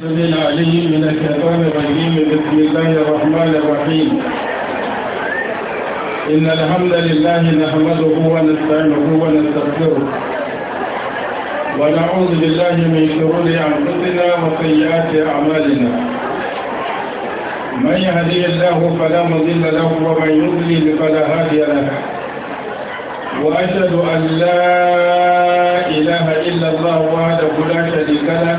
من الشيطان الرجيم بسم الله الرحمن الرحيم إن الحمد لله نحمده ونستعينه ونستغفره ونعوذ بالله من شرور أنفسنا وسيئات أعمالنا من يهدي الله فلا مضل له ومن يضلل فلا هادي له وأشهد أن لا إله إلا الله وحده لا شريك له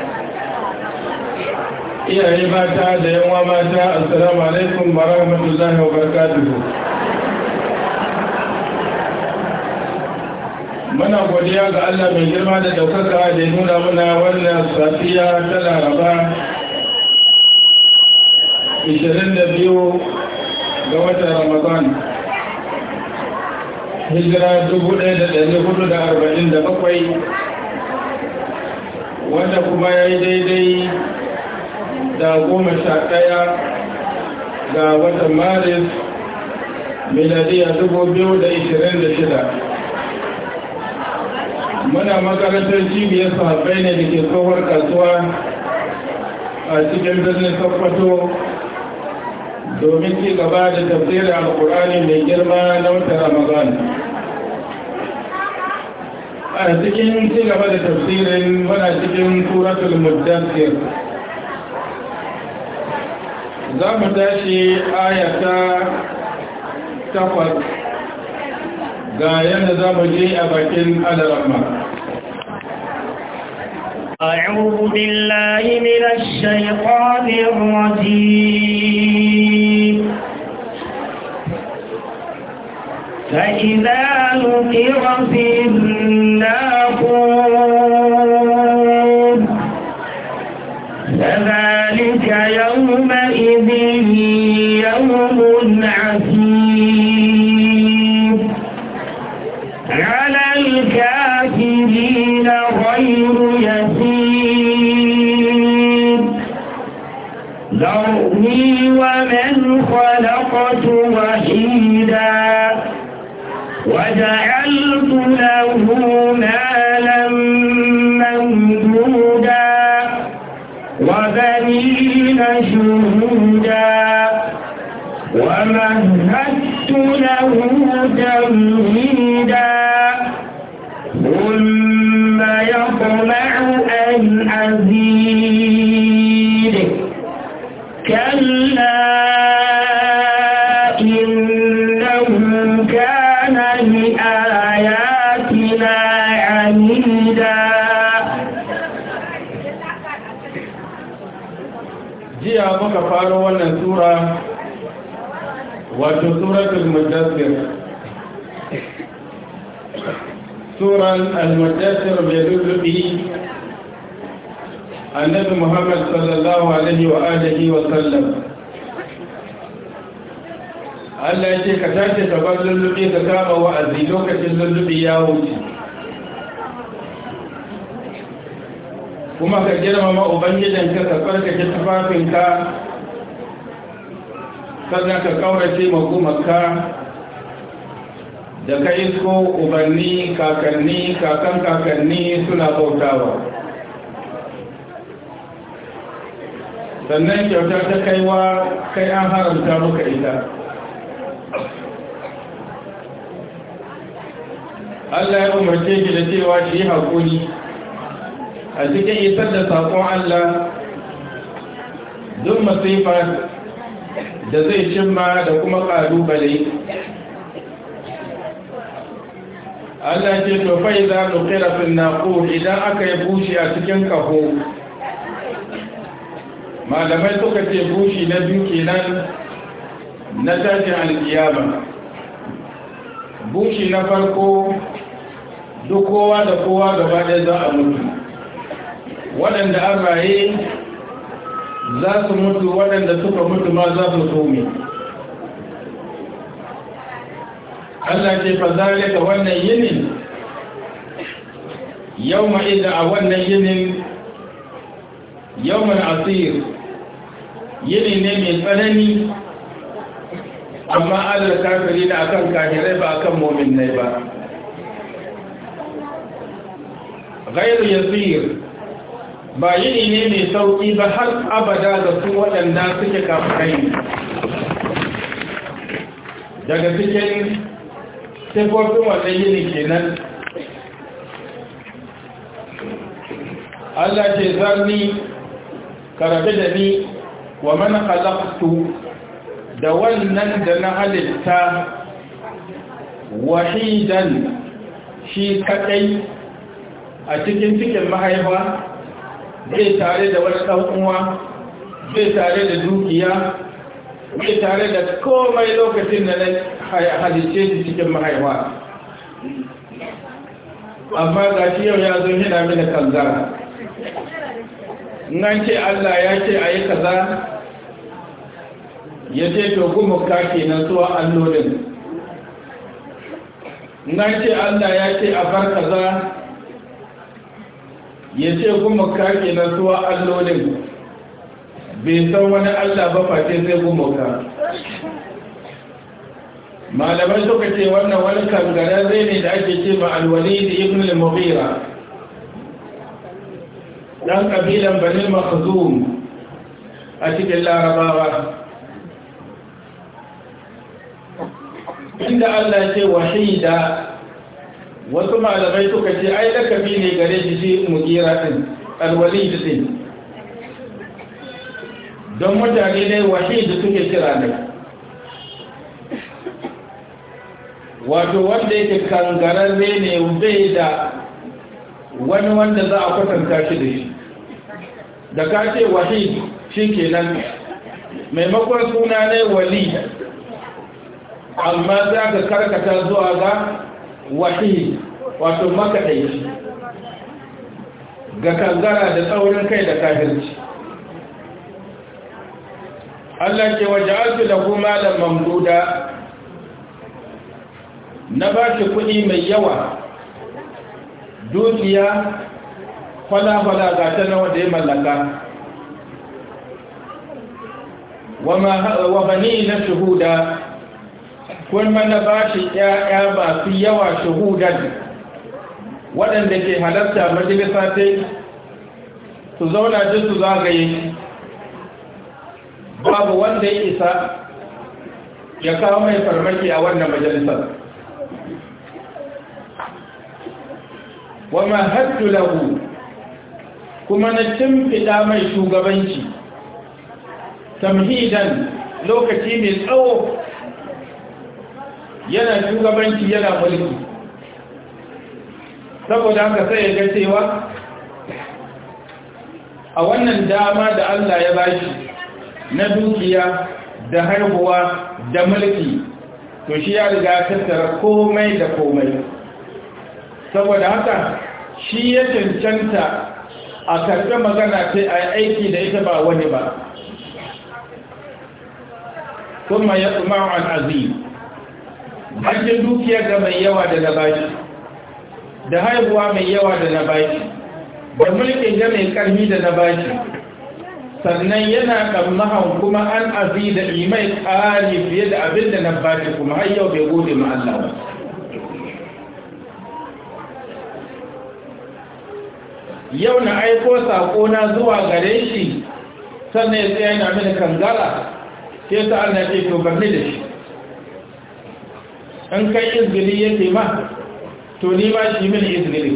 iyaye mata da yanwa mata assalamu alaikum wa rahmatullahi wa barakatuhu muna godiya ga Allah mai girma da daukaka da nuna muna wannan safiya ta laraba 22 ga watan ramadan hijira 1447 wanda kuma ya yi daidai da goma sha ɗaya ga watan maris miladiya dubu biyu da ishirin da shida muna makarantar cibiyar sahabbai ne da ke tsohuwar kasuwa a cikin birnin sokoto domin ci gaba da tafsirin alkur'ani mai girma na watan ramadan a cikin ci gaba da tafsirin muna cikin turatul muddassir za mu tashi ayata takwas ga yadda za mu je a bakin alarama أعوذ بالله من الشيطان الرجيم فإذا نقر في الناقور فذلك يوم عسير على الكافرين غير يسير ذرني ومن خلقت وحيدا وجعلت له مالا الإيمان المتأثر برزقه النبي محمد صلى الله عليه وآله وسلم Allah ya ka tashi ka bar lullube ka kama wa'azi lokacin lullube ya wuce kuma ka girmama ubangijinka ka tsarkake tufafinka sannan ka kaurace magumarka da ka yi isko ubanni kakanni kakan kakanni suna bautawa sannan kyautar ta kaiwa kai an haramta muka ita Allah ya umarce ki da cewa ki yi haƙuri a cikin isar da saƙon Allah duk masifa da zai cimma da kuma ƙalubale Allah ce to fa idza nuqira fil naqur idan aka yi bushi a cikin kaho malamai suka ce bushi na biyu kenan na tashin alkiyama bushi na farko duk kowa da kowa gaba ɗaya za a mutu waɗanda an raye za su mutu waɗanda suka mutu ma za su tome Allah ce fa zalika wannan yinin yawma idza a wannan yinin yawman asir Yinin ne mai tsanani amma Allah ta kare na akan kafirai ba akan mu'minai ba ghairu yasir ba yini ne mai sauki ba har abada ga su waɗanda suke kafirai daga cikin sai kofin wannan yini kenan Allah ce ni karabi da ni wa mana kalaktu da wannan da na halitta wahidan shi kaɗai a cikin cikin mahaifa zai tare da wani ɗan'uwa zai tare da dukiya zai tare da komai lokacin da na halice shi cikin mahaifa amma ga shi yau ya zo hina mini kanzara nan ce allah ya ce a yi kaza ya ce to gumuka kenan zuwa allolin nan ce allah ya ce a bar kaza ya ce gumuka kenan zuwa allolin bai san wani allah ba face sai gumuka malamai suka ce wannan wani kangare zai ne da ake ce ma da ibn al-mughira dan kabilan bani makhzum a cikin larabawa inda Allah ce wahida wasu malamai suka ce ai lakabi ne gare shi shi mughira din alwalid din don mutane ne wahida suke kira ne wato wanda yake kangararre ne bai da wani wanda za a kwatanta shi da shi da ka ce wahid shi ke nan, maimakon suna ne wali amma za ka karkata zuwa ga wahid wato makaɗaici ga kangara da tsaurin kai da kafirci Allah ke waje alfi da kuma da mamduda na ba shi kuɗi mai yawa dukiya kwala-kwala ga ta nawa da ya mallaka wa bani na shuhuda kuma na ba shi ƴaƴa su yawa shuhudan waɗanda ke halarta majalisa ta su zauna duk su zagaye babu wanda ya isa ya kawo mai farmaki a wannan majalisar wa haddu lahu kuma na timfida mai shugabanci tamhidan lokaci mai tsawo yana shugabanci yana mulki saboda haka sai ga cewa a wannan dama da Allah ya bashi na dukiya da harbuwa da mulki to shi ya riga tattara komai da komai saboda haka shi ya cancanta a karfe magana sai a aiki da ita ba wani ba kuma ya kuma an azim bakin dukiya ga mai yawa da labari da haihuwa mai yawa da labari da mulkin ga mai karfi da labari sannan yana ɗan kuma an azi da imai ƙari fiye da abin da nabashi kuma har yau bai gode ma ba yau na aiko na zuwa gare shi sannan ya tsaye na mini kangara sai ta ana ce to gami da shi an kai izgili ce ma to ni ba shi mini izgili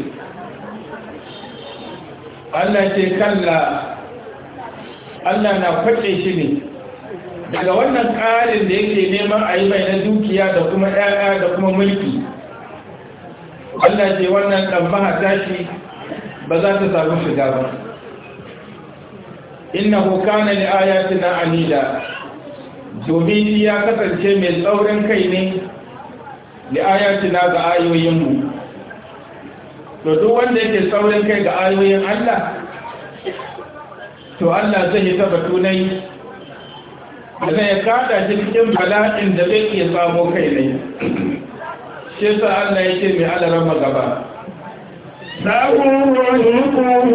Allah ce kalla Allah na kwace shi ne daga wannan ƙarin da yake neman a yi mai na dukiya da kuma ɗaya da kuma mulki Allah ce wannan ɗan a tashi ba za ta samu shiga ba innahu kana li na anida domin ya kasance mai tsaurin kai ne li na ga ayoyinmu to duk wanda yake tsaurin kai ga ayoyin Allah to Allah zai yi tabbatu nai da ya kada jirgin cikin bala'in da zai iya samo kai ne shi sa Allah yake mai alarama gaba سأرهقه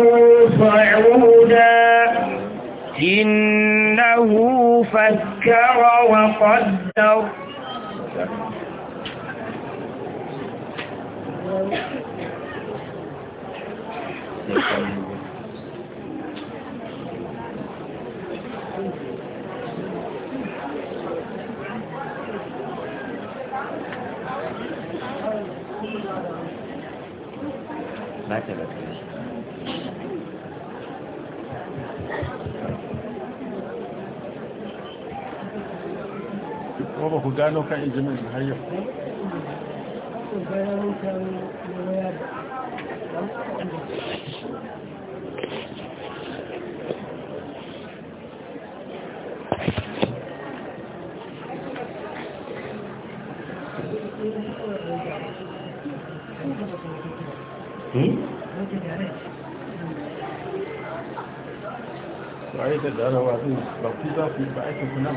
صعودا إنه فكر وقدر Thank you. na ta da kai ko ba ku gano kan ijimin har yau da darawa zai ba ku za ku ba aikin ku nan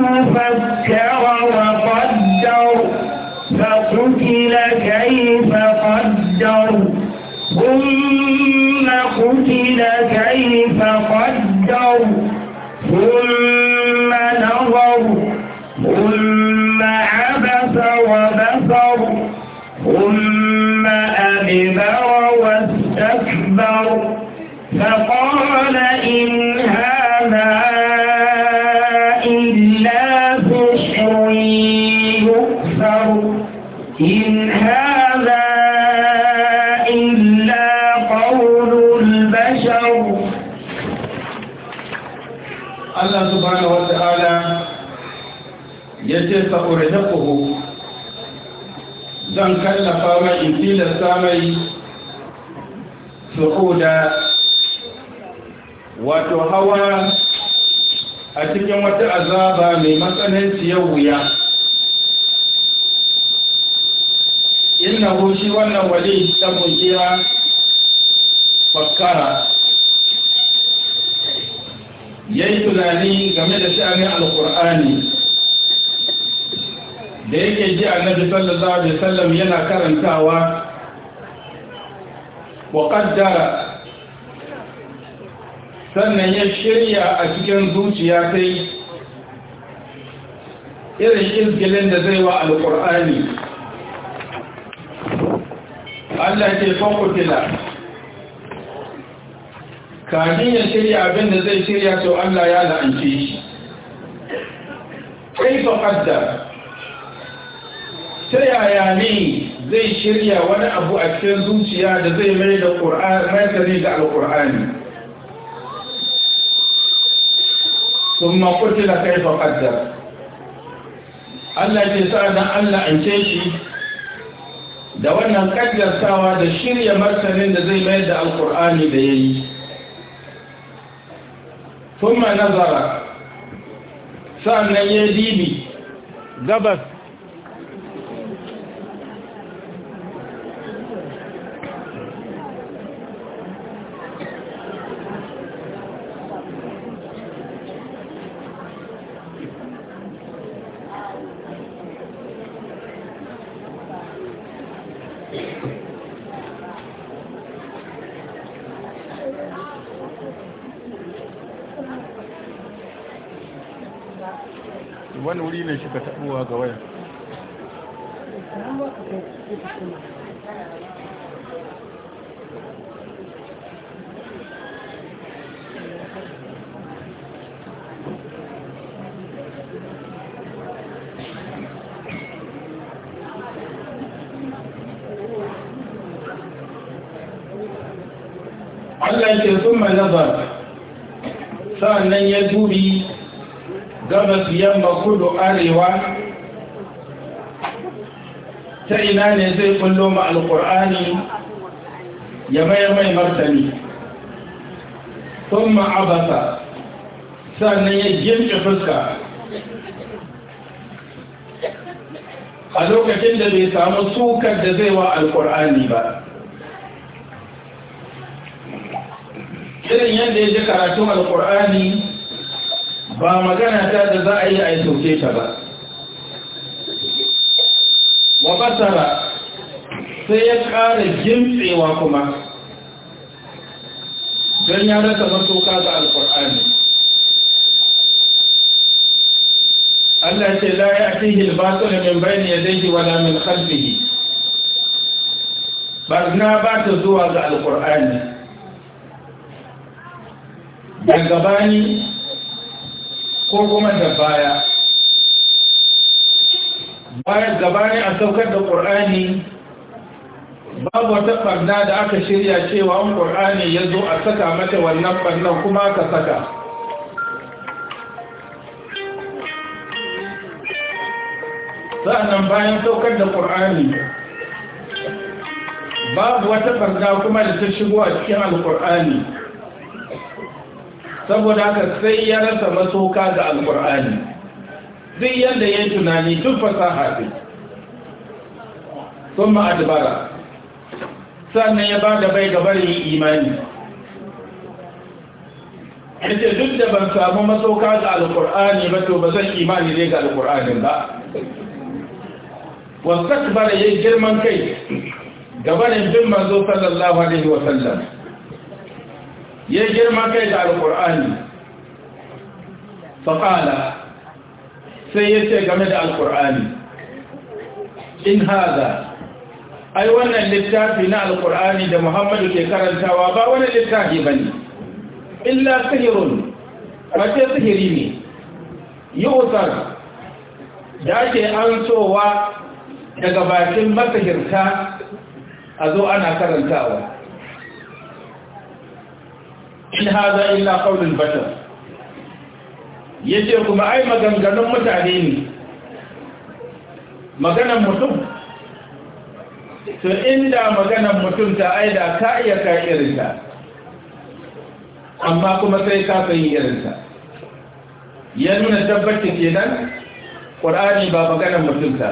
sa'urhiquhu zan kallafa mai in tilasta mai su'uda wato hawa a cikin wata azaba mai matsananci ya wuya inna shi wannan wali ta kira fakara ya yi tunani game da sha'anin alkur'ani da yake ji annabi sallallahu alaihi wasallam yana karantawa wa qaddara sannan ya shirya a cikin zuciya sai irin izgilin da zai wa alƙur'ani Allah ke fakutila kafin ya shirya abin da zai shirya to Allah ya la'anci shi kai fa qaddara ta yaya ne zai shirya wani abu a cikin zuciya da zai mai da martani ga alkur'ani sun makurti da kai allah ke sa allah an ke shi da wannan ƙaddarsawa da shirya martanin da zai mai da alkur'ani da ya yi sun ma nazara sa'annan ya dibi gabas yamma kudu arewa ta ina ne zai kullo ma alkur'ani ya mai martani sun ma'abasa sannan ya girke fuska a lokacin da bai samu sukar da zai wa alkur'ani ba irin yadda ya ji karatun alkur'ani ba magana ta da za a yi a yi sauke ta ba wa basara sai ya ƙara gimtsewa kuma don ya rasa matuka ga alkur'ani Allah ce la ya fihi al-batil min zai yadayhi wala min Ba barna ba ta zuwa ga alkur'ani daga bani ko kuma da baya bayan ne a saukar da ƙorani babu wata ɓarna da aka shirya cewa wani ƙur'ani ya zo a saka mata wannan ɓarnan kuma aka saka sa'annan bayan saukar da ƙorani babu wata ɓarna kuma da ta shigo a cikin alƙur'ani saboda haka sai ya rasa masoka ga alkur'ani duk yadda ya tunani tun fasaha ce sun ma'adabara sannan ya ba da bai gabarin imani yace duk da ban samu masoka ga alkur'ani ba to ba zan imani ne ga alkur'anin ba wasu takbara ya girman kai gabanin bin manzo sallallahu alaihi wasallam ya girma kai da alkur'ani faƙala sai ya ce game da alkur'ani in haza ai wannan littafi na alkur'ani da muhammadu ke karantawa ba wani littafi ba ne illa sihirun mace sihiri ne yi otar da ake an sowa daga bakin masahirta a zo ana karantawa in haza illa qaulul bashar yace kuma ai maganganun mutane ne maganan mutum to inda maganan mutum ta aida ka iya ka irinta amma kuma sai ka san irinta ya nuna tabbacin kenan qur'ani ba maganan mutum ta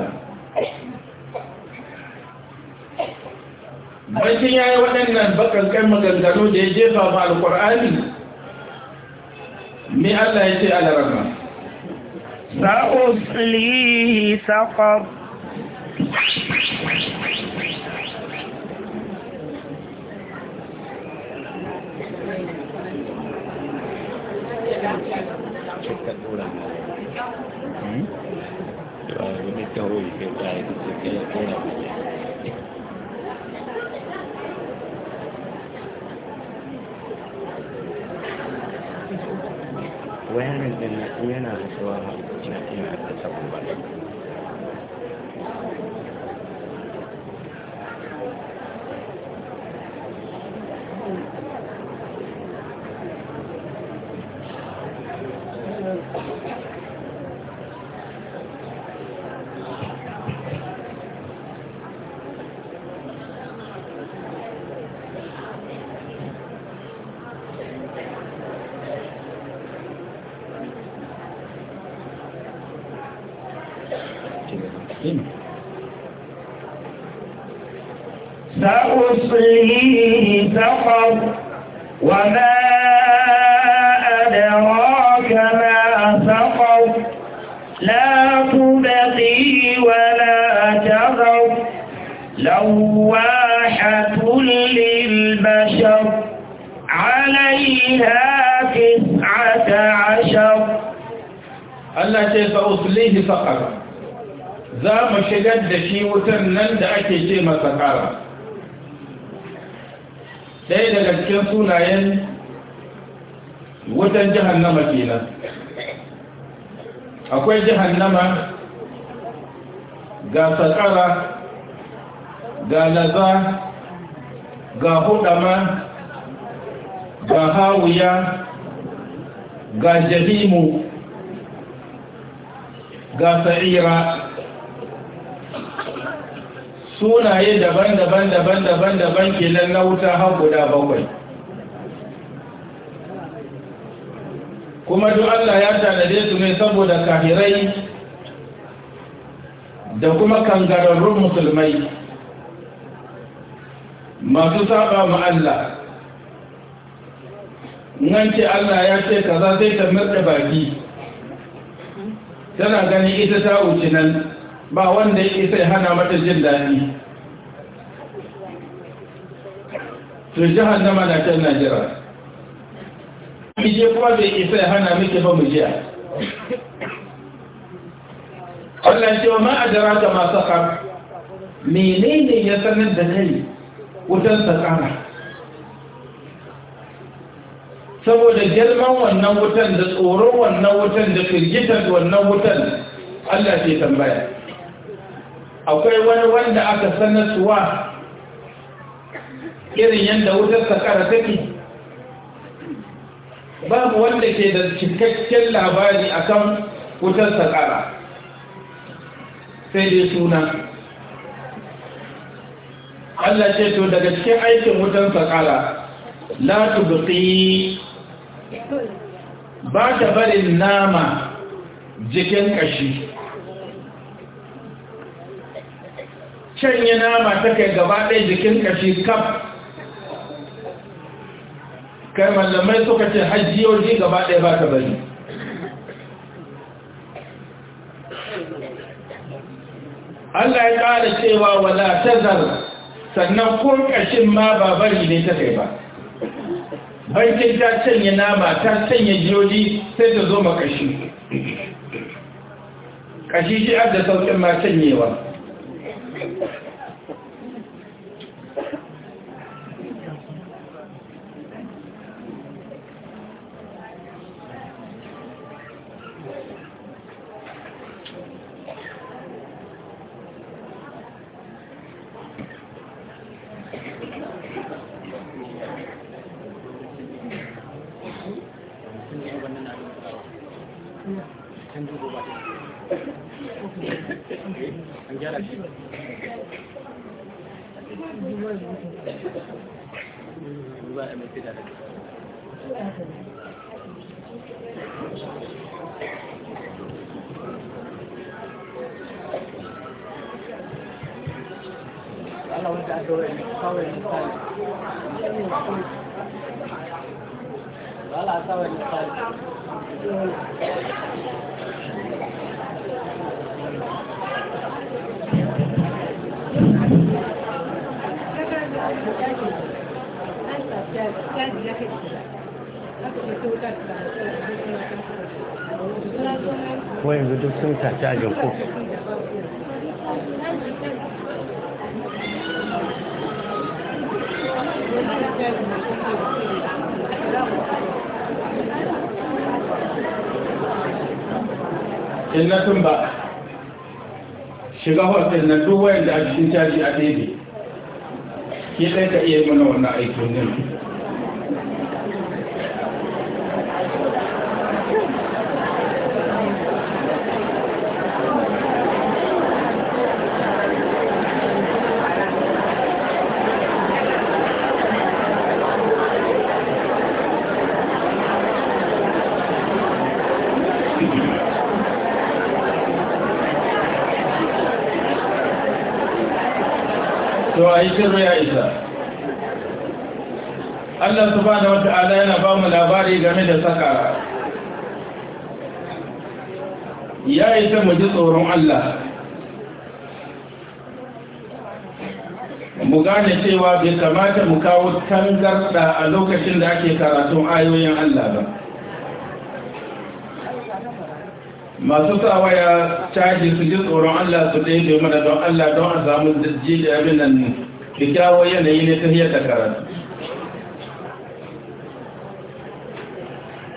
bacin ya yi waɗannan bakankan maganganu da ya jefa ma alƙur'ani ni Allah ya ce alarama sa'uslihi saƙar Thank you. yana da tsawon ina ina da sabon ba سقر وما أدراك ما سقر لا تبقي ولا تذر لواحة للبشر عليها تسعة عشر Allah ce fa uslihi faqar za mu shigar da shi wutan nan da ake ce masa kara cikin sunayen wutan ke kenan akwai nama ga sakara ga laza ga hudama ga hawuya ga jahimu ga sa'ira sunaye daban-daban daban-daban daban kenan na wuta guda bakwai kuma duk Allah ya tanade su ne saboda kafirai da kuma kangararrun musulmai masu saba ma Allah ce Allah ya ce kaza sai ta mirda baki tana gani ita ta wuce nan ba wanda ya isa hana mata jin daɗi to jihar na can najeriya ishe kuma bai isa ya hana miki ba mu jiya Allah ce wa ma adraka ma saqar menene ya sanar da kai wutan saƙara? saboda girman wannan wutan da tsoron wannan wutan da firgitar wannan wutan Allah ce tambaya akwai wani wanda aka sanar suwa irin yadda wutar sakara take babu wanda ke da cikakken labari a kan wutar sakara sai dai suna Allah ce to daga cikin aikin wutar saƙara, la tubqi ba ta barin nama jikin kashi canye nama ta kai gaba ɗaya jikin ƙashi kaf kai mallamai suka ce ji gaba ɗaya ba ta bari Allah ya ƙara cewa wala tazar sannan kurkashin ma ba bari ne ta kai ba bankin ta canye nama ta canye jiyoji sai ta zo ƙashi Ƙashi shi adda sauƙin ma canyewa 欢迎入住，兄弟，加油！illatun ba shiga hotel na duk wayan da a cikin caji a daidai ke ɗai ta iya mana wannan aikin nan a yi shirme ya isa Allah wata wata'ala yana ba mu labari game da sakara ya yi ta mu ji tsoron Allah mu gane cewa bai kamata mu kawo tangarda a lokacin da ake karatun ayoyin Allah ba masu sa ya caji su ji tsoron Allah su ɗaya domin don Allah don a samu jirgin yamin nan kyakkyawar yanayi ne ta da karatu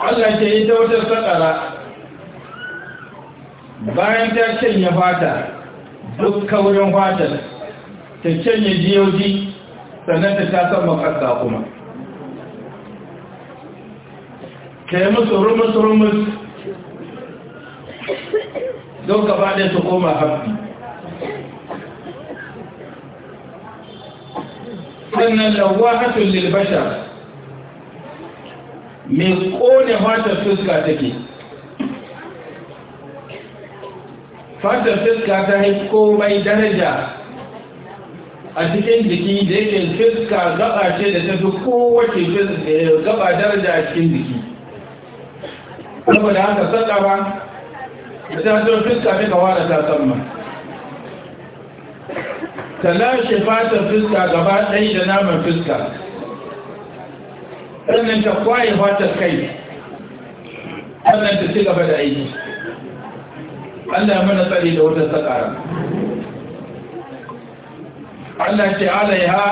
Allah ke yi ta wata sakara bayan ta canya fata duk kaurin fatar ta canya jiyoji sannan ta tasar makasa kuma yi musu rumus-rumus don gaba ɗaya su koma hafi sannan lawahatun lilbasha, mai kone fatar fuska take fatar fuska ta yi komai daraja a cikin jiki da yake fuska gaba ce da ta fi kowace eh, gaba daraja a cikin jiki saboda haka sakawa da ta zo fuska ta kawara ta samman ta lashe fatan fuska gaba ɗaya da naman fuska sannan ta kwaye fatan kai sannan ta ci gaba da aiki Allah mana tsari da wata sakara Allah ce alaiha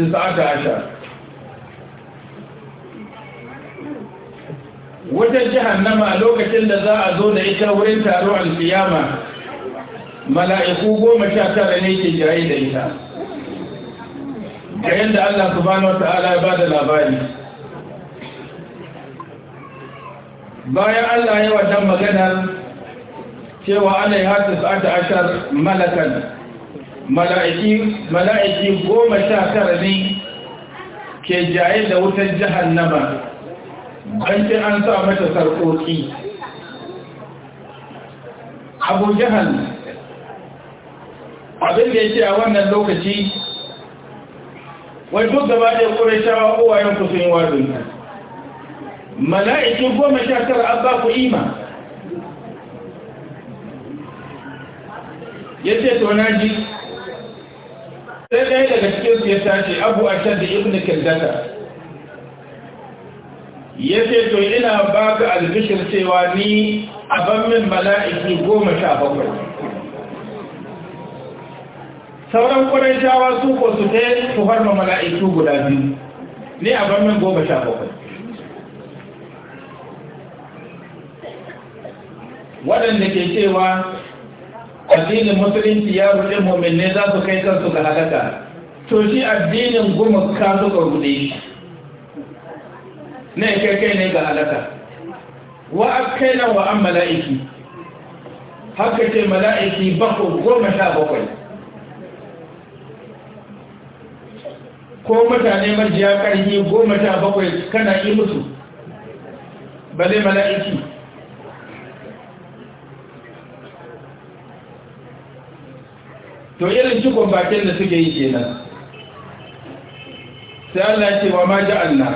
tis'ata ashar wata jahannama lokacin da za a zo da ita wurin taron alkiyama mala'iku goma sha tara ne ke jaye da ita ga yadda Allah subhanahu wata'ala ya bada labari bayan Allah ya wajen maganar cewa ana yi hatis sa’ata ashar malakan mala'iki goma sha tara ne ke jaye da wutar jahannama bankin an sa mata sarƙoƙi abu jahannama abin da ya ce a wannan lokaci wai duk gaba da shawa uwayen ku sun yi wazin mala'ikin goma sha tara an ba ku ima ya ce to na ji sai ɗaya daga cikin su ya tashi abu a can da ibn kirdata ya ce to ina baka albishir cewa ni a ban min mala'iki goma sha bakwai sauran ƙwarar shawa su ko su ta su harba mala'iku guda biyu ne a birnin goma sha bakwai waɗanda ke cewa addinin musulunci ya rufe mummune za su kai kansu ga halaka to shi addinin goma ka suka ga shi ne kai kai ne ga halaka wa nan wa an mala'iki haka ce mala'iki bako goma sha bakwai ko mutane marjiya ƙarfi goma ta bakwai kana yi musu bale mala'iki to irin cikon bakin da suke yi kenan sai Allah ce wa ma ja'alna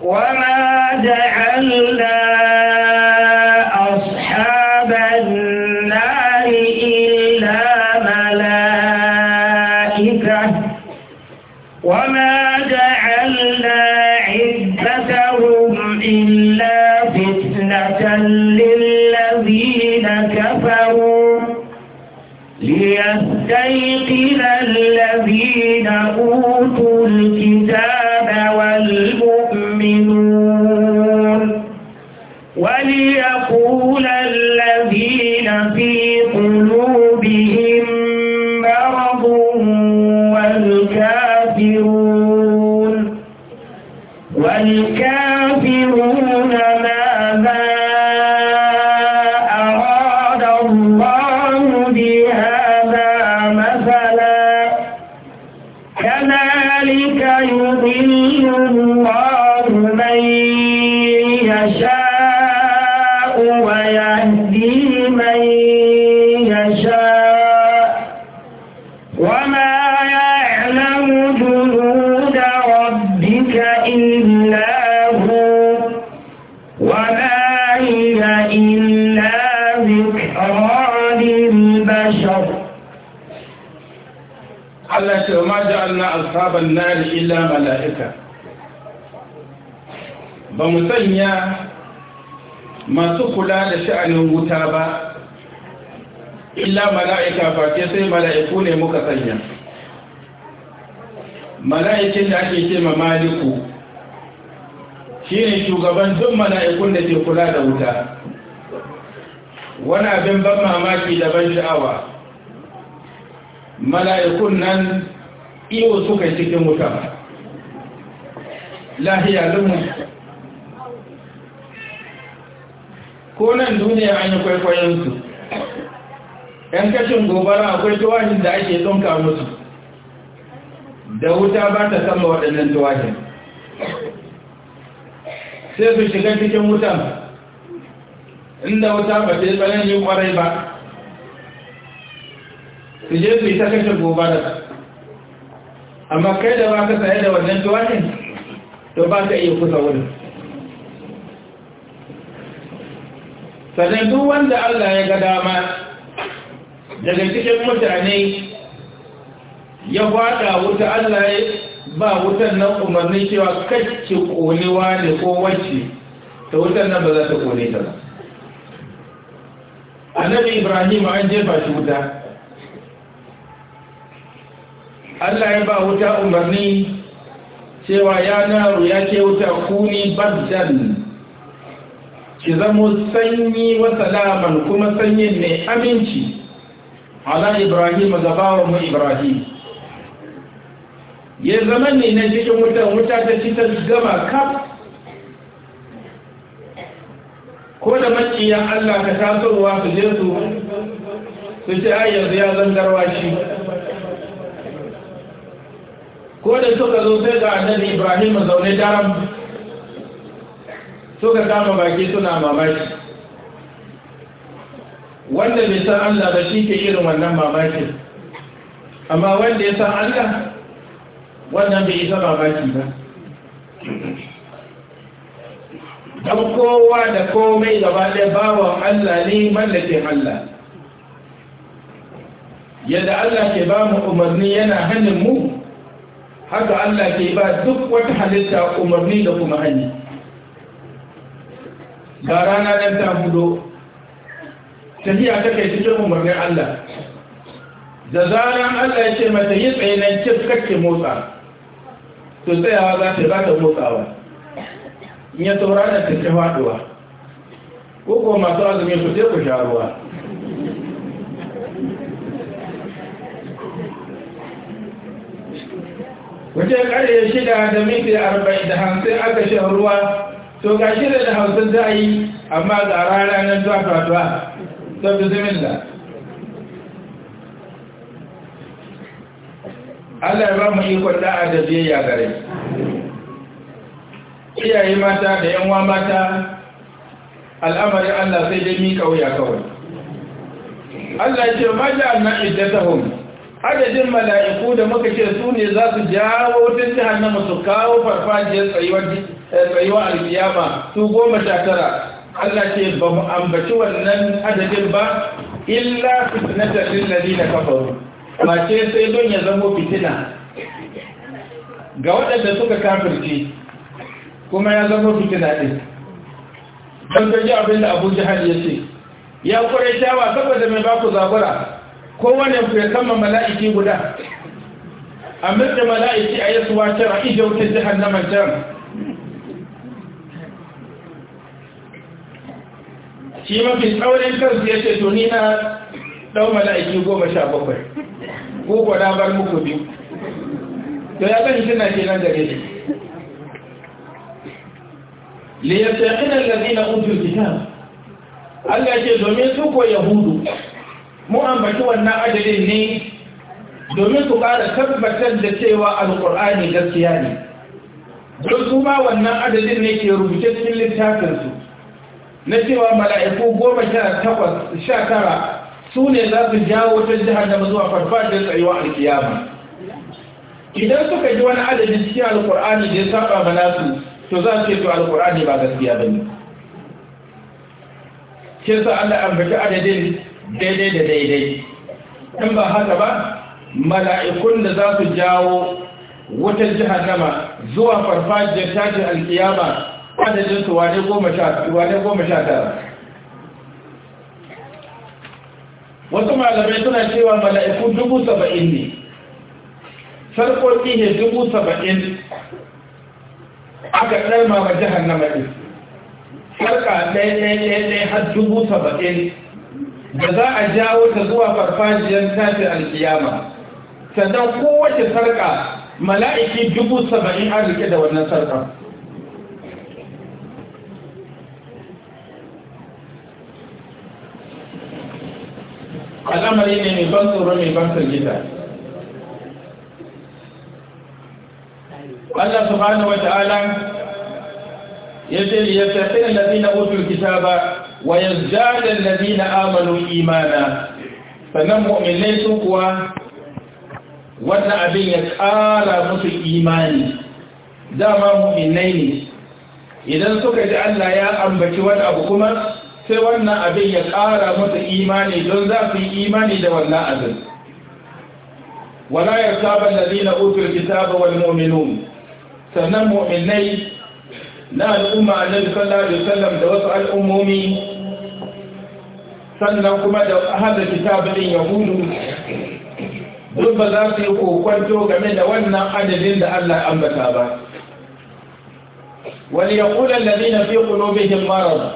wa ma ja'alna بينهم azaban nari illa mala'ika ba mu sanya masu kula da sha'anin wuta ba illa mala'ika face sai mala'iku ne muka sanya mala'ikin da ake ce ma maliku shi ne shugaban duk mala'ikun da ke kula da wuta wani abin ban mamaki da ban sha'awa mala'ikun nan iyo suka yi cikin wuta lahiya lumu ko nan duniya an yi su. ‘yan kashin gobara akwai tuwahin da ake tunka musu da wuta ba ta sama waɗannan tuwahin sai su shiga cikin wutan inda wuta ba ta yi tsananin kwarai ba su je su yi ta kashin gobara amma kai da ba ka saye da wannan tuwanin to ba ka iya kusa wurin sannan duk wanda Allah ya ga dama daga cikin mutane ya kwada wuta Allah ya ba wutan nan umarni cewa kacce konewa ne ko wacce ta wutan nan ba za ta kone ta ba annabi ibrahim an jefa shi wuta Allah ya ba wuta umarni cewa ya naru ya ke wuta kuni baddan ki zamo sanyi wa salaman kuma sanyin mai aminci ala ibrahim ga mu ibrahim ya zama ne na cikin wutan wuta ta ci ta gama kaf ko da maciya allah ka tasowa su je su su ce ai ya zan shi. ko da suka zo sai ga annabi ibrahim zaune daram suka kama baki suna mamaki wanda bai san allah ba shi ke irin wannan mamakin amma wanda ya san allah wannan bai isa mamaki ba don kowa da komai gaba ɗaya bawon allah ne mallakin allah yadda allah ke ba mu umarni yana hannun mu haka Allah ke ba duk wata halitta umarni da kuma hanyar ga rana nan ta hudu. tafiya ta kai cikin umarnin Allah da zaran Allah ya ce mata yi tsayinan cif kake motsa to tsayawa za ta zata motsawa in ya saurara ta ce faduwa ko ko masu azumi su je ku sha ruwa wace ya shida da minti arba'in da hamsin aka shan ruwa to ga shida da hamsin za a yi amma ga rana nan zuwa fatuwa ta bismillah Allah ya ba mu ikon da'a da biyayya gare iyaye mata da yan mata al'amari Allah sai dai mika wuya kawai Allah ya ce ma na iddatahum adadin mala'iku da muka ce su ne za su jawo ci jihannama su kawo farfajiyar tsayuwa eh, alkiyama su goma sha tara Allah ce ba mu ambaci wannan adadin ba illa fitnatar lillazi na kafaru ba ce sai don ya zamo fitina ga waɗanda suka kafirce kuma ya zamo fitina ɗin don gaji abinda abu jihar ya ce ya shawa saboda mai baku zabura kowane ku ya kama mala'iki guda a mace mala'iki a yasu can a ije ji jihannaman can shi mafi tsaurin kansu ya ce to ni na ɗau mala'iki goma sha bakwai goma na bar muku biyu to ya kan shi na ke nan gare shi liyasakinan lalina ujiyar kitab Allah ce domin su ko yahudu mu ambaci wannan ajalin ne domin su ƙara tabbatar da cewa alƙur'ani gaskiya ne don su ma wannan adadin ne ke rubuce cikin littafinsu na cewa mala'iku goma sha tara su ne za su jawo ta jihar da mazuwa farfajin tsayuwa alkiyama idan suka ji wani adadin cikin alkur'ani da ya saba mana su to za su ce to alƙur'ani ba gaskiya ba ne. Kesa Allah ambaci adadin daidai da daidai in ba haka ba mala'ikun da za su jawo wutar jihannama zuwa farfajiyar tashin alkiyama adadin su wane goma sha tara wasu malamai suna cewa mala'iku dubu saba'in ne sarkoki ne dubu saba'in aka ɗarma wa jihannama ɗin sarka ɗaya ɗaya ɗaya har dubu saba'in da za a jawo ta zuwa farfajiyar tafi alkiyama sannan kowace sarƙa mala'iki dubu saba'in an rike da wannan sarka al'amari ne mai ban tsoro mai ban firgita Allah subhanahu wa ta'ala ya ce ya tafi da lafi na wutul kitaba wa yazdada alladhina amanu imana sannan mu'minai su kuwa wannan abin ya kara musu imani dama mu'minai ne idan suka ji Allah ya ambaci wani abu kuma sai wannan abin ya kara musu imani don za su yi imani da wannan abin wala ya saba lalina utul kitaba wal mu'minun sannan mu'minai na al'umma annabi sallallahu alaihi wasallam da wasu al'ummomi sannan kuma da ahalar kitabin yahudu duk ba za su yi kokwanto game da wannan adadin da Allah ambata ba wani ya kula lalina fi kulobin marar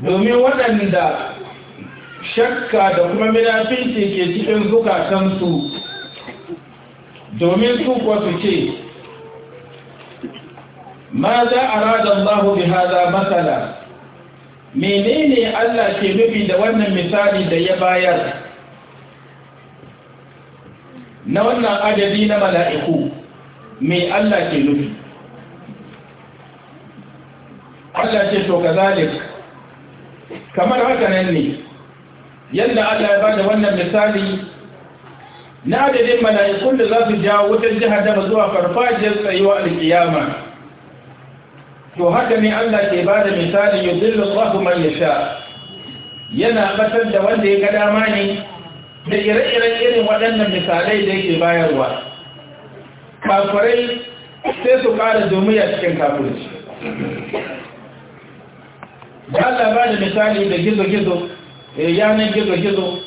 domin waɗanda shakka da kuma minafinci ke cikin zukatansu domin su kuwa su ce ma za a radar bi haza matsala menene Allah ke nufi da wannan misali da ya bayar na wannan adadi na mala'iku me Allah ke nufi Allah ce to ka zalik kamar haka nan ne yadda Allah ya bada wannan misali na adadin mala'ikun da za su jawo wutar jihar zuwa farfajiyar tsayuwa alkiyama to haka ne Allah ke ba da misali yudillu Allahu man yasha yana batar da wanda ya ga dama ne da ire ire irin waɗannan misalai da yake bayarwa kafirai sai su ƙara a cikin kafirci da Allah ba da misali da gizo-gizo eh, yanar gizo-gizo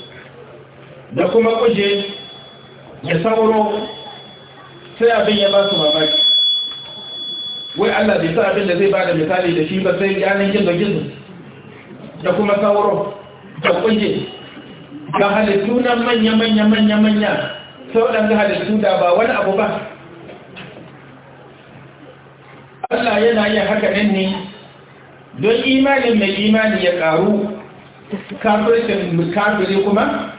da kuma kuje da sauro sai abin ya ba su mamaki wai Allah bai sa abin da zai bada misali da shi ba sai yanin gizo gizo da kuma sauro da kunje ga halittu na manya manya manya manya sau ɗan halittu da ba wani abu ba Allah yana yin haka nan ne don imanin mai imani ya ƙaru kafircin kafiri kuma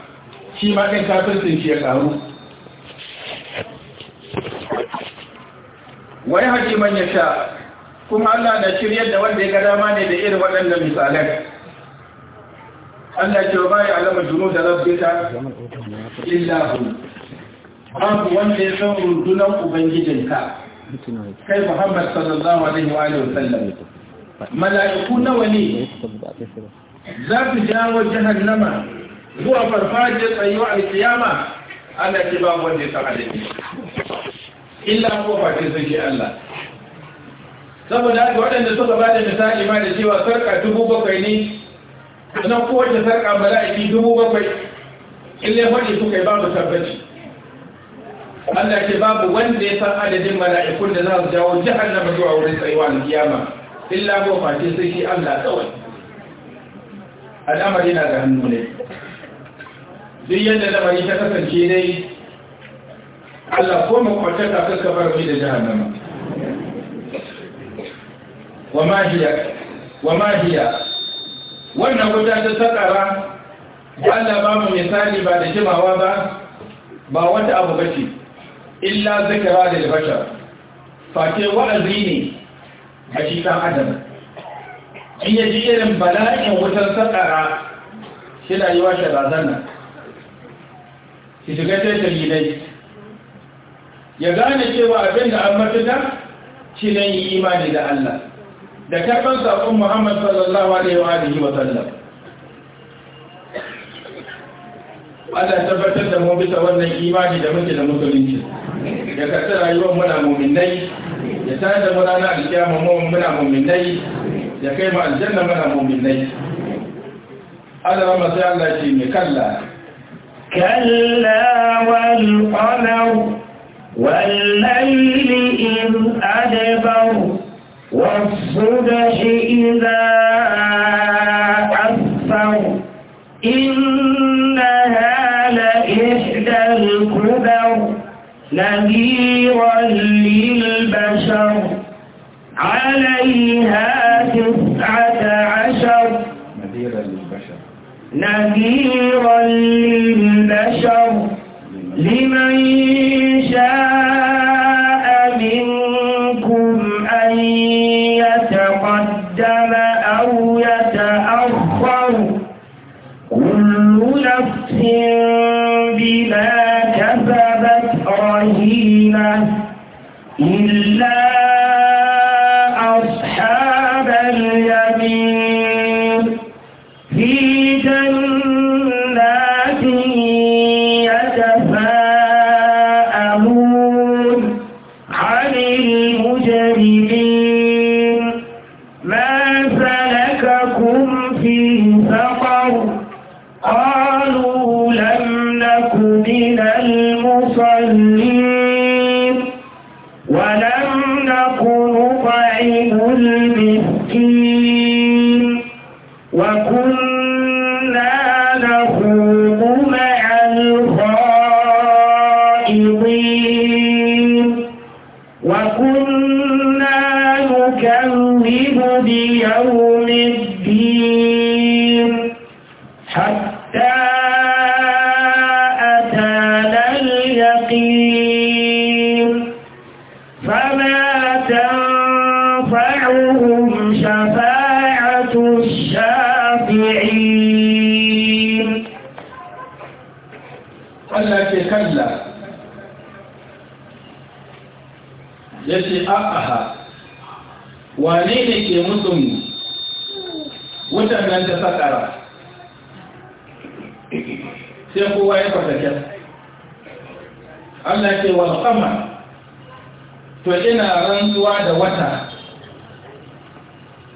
shi ma ɗin kafircin shi ya ƙaru wai haji man ya sha kuma Allah na shirya da wanda ya ga dama ne da irin waɗannan misalan Allah ce ba ya alama juno da rabbika illa hu babu wanda ya san rundunar ubangijinka kai Muhammad sallallahu alaihi wa alihi wasallam mala'iku nawa ne za su jawo jahannama zuwa farfajiyar tsayuwa alkiyama Allah ce babu wanda ya san adadi illa ko bakin sun shi Allah saboda haka waɗanda suka ba da misali ma da cewa sarƙa dubu bakwai ne na kowace sarƙa mala'iki dubu bakwai ille faɗi suka yi babu tabbaci Allah ce babu wanda ya san adadin mala'ikun da za su jawo na zuwa wurin tsayuwa na kiyama illa ko face sai shi Allah kawai al'amari na ga hannu ne duk yadda lamari ta kasance dai Allah ko makwataka kaka bar da jahannama wa ma wa wannan wuta ta sakara da Allah ba mu misali ba da jimawa ba ba wata abu bace illa zikra da bashar fate wa'azi ne a cikin adam in yaji irin bala'in wutar sakara shi da yi washe razana shi shiga ta ya gane cewa abin da an mafita shi ne yi imani da Allah da karban saƙon Muhammad sallallahu Alaihi wa sallam. Allah tabbatar da mu bisa wannan imani da muke da musulunci ya karɓi rayuwar muna muminai ya tare da muna na alkiyama muna muminai ya kai mu aljanna muna muminai. Allah ma sai Allah ce mai kalla. Kalla wal qamar والليل إذ أدبر والصبح إذا أسفر إنها لإحدى الكبر نذيرا للبشر عليها تسعة عشر نذيرا للبشر نذيرا للبشر لمن إلا aha wane ne ke musun wutan nan ta sakara sai kowa ya fatake Allah ce wa sama to ina rantsuwa da wata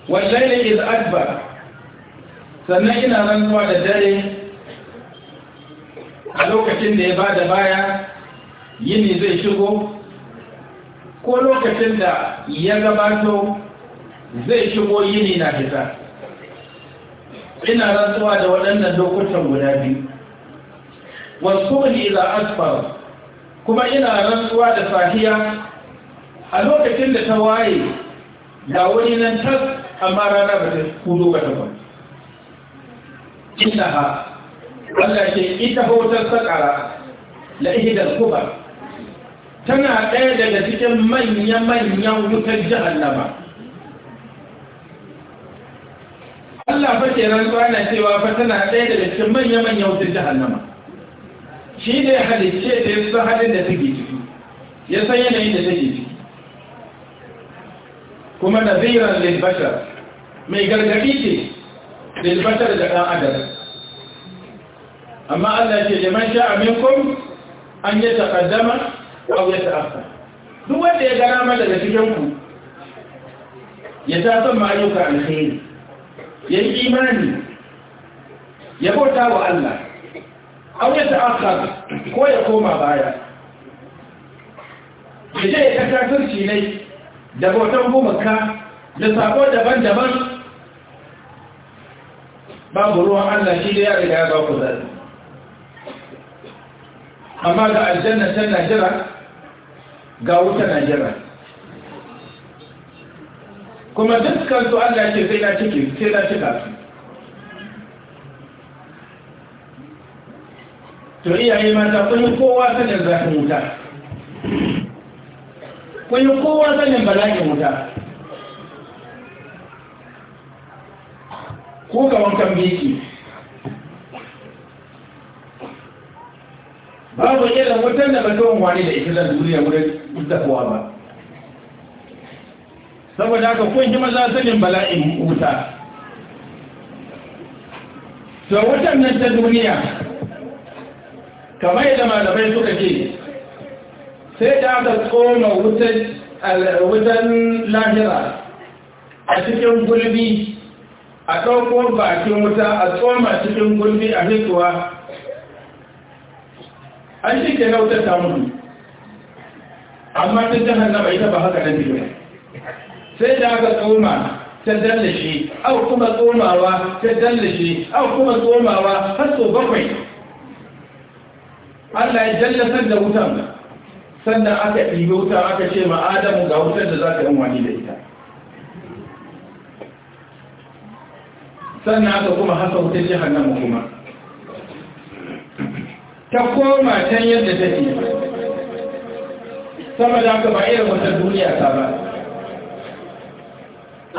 wal ne iz adbar sannan ina rantsuwa da dare a lokacin da ya bada baya yini zai shigo ko lokacin da ya gabato zai shigo yini na fita ina rantsuwa da waɗannan lokutan guda biyu wasu ne za asfar kuma ina rantsuwa da safiya a lokacin da ta waye da wani nan tas amma rana ba ta kudo ba ta ba inna ha Allah ke ita hotar sakara la ihdal kubar tana ɗaya daga cikin manya-manyan wutar jahannama Allah fa ke rantsuwa na cewa fa tana ɗaya daga cikin manya-manyan wutar jahannama shi ne halicce da ya san halin da take ciki ya san yanayin da take ciki kuma naziran lilbashar mai gargaɗi ce lilbashar da ɗan adam amma Allah ce liman sha aminkum an yi taƙaddama abu ya ta'affa duk wanda ya gana ma daga cikin ku ya ta son ma alkhairi ya yi imani ya bauta wa Allah abu ya ta'affa ko ya koma baya ya je ya kasasarci ne da bautan gumaka da sako daban-daban babu ruwan Allah shi da ya riga ya ba ku zai amma ga aljanna tana jira ga wuta na jira kuma dukkan su Allah ce sai na ciki sai na cika su to iyaye mata kun yi kowa sanin zafin wuta kun yi kowa sanin bala'in wuta ko ga wankan biki babu irin mutum da ba tawon wani da ita zan duniya wurin kowa ba saboda haka kun shi maza sanin bala'in wuta to wutan nan ta duniya kamar yadda malamai suka ce sai da aka tsoma eh, wutan lahira a cikin gulbi a ɗauko bakin wuta a tsoma cikin gulbi a hikuwa an shi ke nautar ta mutu amma ta na bai taba haka nan biyu sai da aka tsoma ta shi au kuma tsomawa ta shi au kuma tsomawa har so bakwai Allah ya jallatar da wutan sannan aka ɗibe wuta aka ce ma Adamu ga wutar da za ka yin wani da ita sannan aka kuma hasa wutar jihar nan kuma ta koma can yadda Sama da ka ba irin wata duniya ta ba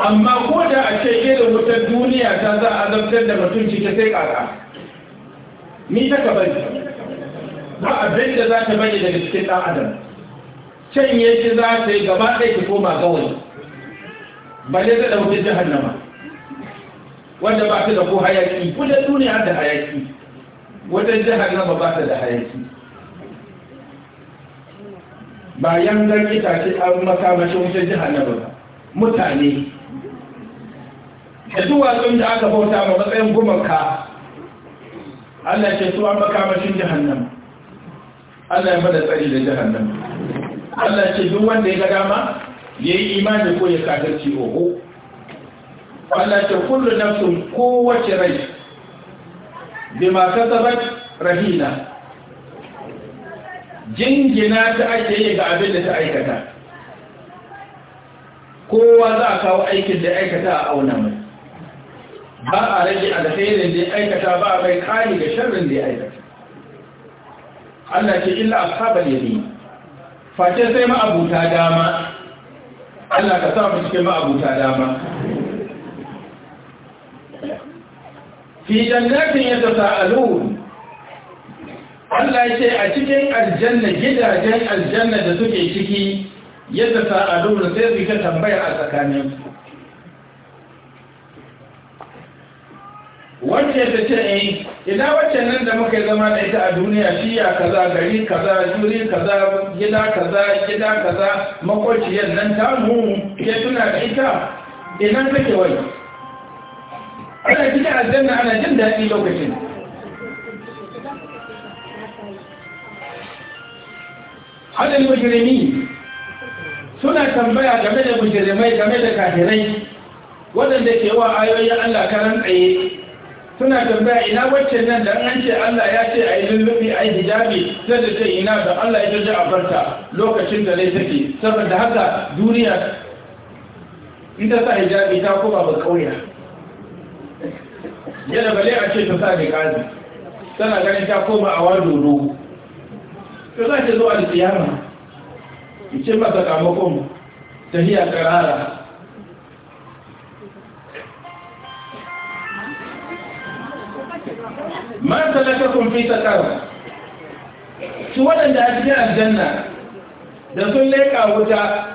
amma ko da a ce irin wata duniya ta za a zartar da mutum cike sai kaka ni ta ka bari ba abin da za ta bari daga cikin ɗan adam can ya shi za ta yi gaba ɗaya ki koma gawai ba ne ta ɗauki nama, wanda ba ta da ko hayaki da duniya da hayaki wajen jahannama ba ta da hayaki ba yangar itace an makamashin jihar na ba mutane da duwatsun da aka bauta ma matsayin gumaka Allah ce su an makamashin jihannama Allah ya bada tsari da jihannama Allah ce duk wanda ya ga dama ya yi imani ko ya kagarci oho Allah ce kullu nafsun kowace rai bima kasabat rahina jingina ta ake yi ga abin da ta aikata kowa za a kawo aikin da aikata a auna mai ba a rage alkhairin da aikata ba a mai kari ga sharrin da aikata Allah ce illa ashabal yamin face sai ma abuta dama Allah ka sa cikin ma abuta dama fi jannatin yatasaalun Allah ya ce a cikin aljanna gidajen aljanna da suke ciki yadda sa'adun sai su ta tambaya a tsakaninsu wacce ta ce eh ina wacce nan da muka zama da ita a duniya shi ya kaza gari kaza juri kaza gida kaza gida kaza makwaciyar nan ta mu ya tuna da ita ina kake wani ana cikin aljanna ana jin daɗi lokacin hadin mujrimi suna tambaya game da mujrimai game da kafirai waɗanda ke wa ayoyin Allah karan tsaye suna tambaya ina wacce nan da an ce Allah ya ce a yi lullubi a yi hijabi sai da ce ina da Allah ya jaji abarta lokacin da lai take saboda haka duniya ita sa hijabi ta kuma ba kauya yana bale a ce ta sami da kazi tana ganin ta koma a wani dogo ta za ta zuwa a da tsiyama ce masa kamakon ta hiya karara ma salakakum fi sakar su waɗanda a cikin aljanna da sun leƙa wuta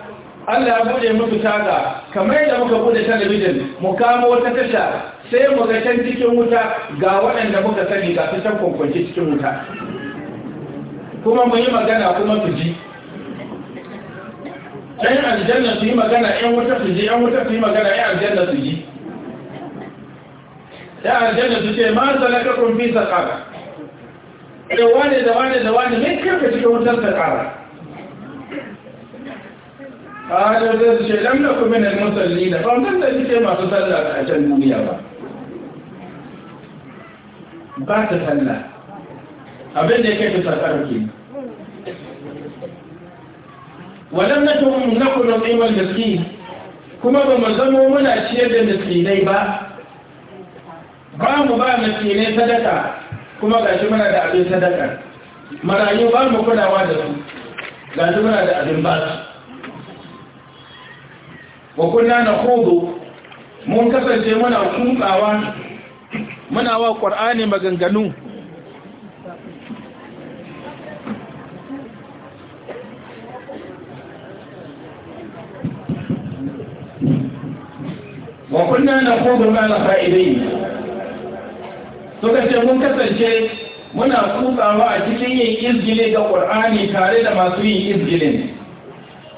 Allah ya bude musu taga kamar yadda muka bude talabijin mu kamo wata tasha sai mu ga can cikin wuta ga waɗanda muka sani ga su can kwankwanci cikin wuta kuma mu yi magana kuma su ji yi aljanna su yi magana 'yan wuta su ji 'yan wuta su yi magana 'yan aljanna su ji ɗan aljanna su ce ma zalaka ka kumfi sakara ɗan eh, wane da wane da wane mai kirka cikin wutar sakara a hajjar zai su ce ɗan da kuma na musalli da ɓangar da suke masu sallah a can duniya ba ba ta talla, abin da ya kai ta sarƙar ke wadan na tun na kudin ɗaiwar da su kuma ba mu muna ciyar da nasirai ba ba mu ba nasirai sadaka kuma ga shi muna da abin sadaka marayu ba mu kulawa da su ga shi muna da abin ba su wa kunna na hudu mun kasance muna kukawa muna wa ƙwar'ani maganganu wa kunna na kogon mana Su suka ce mun kasance muna kusawa a cikin yin izgile ga ƙwar'ani tare da masu yin izgilin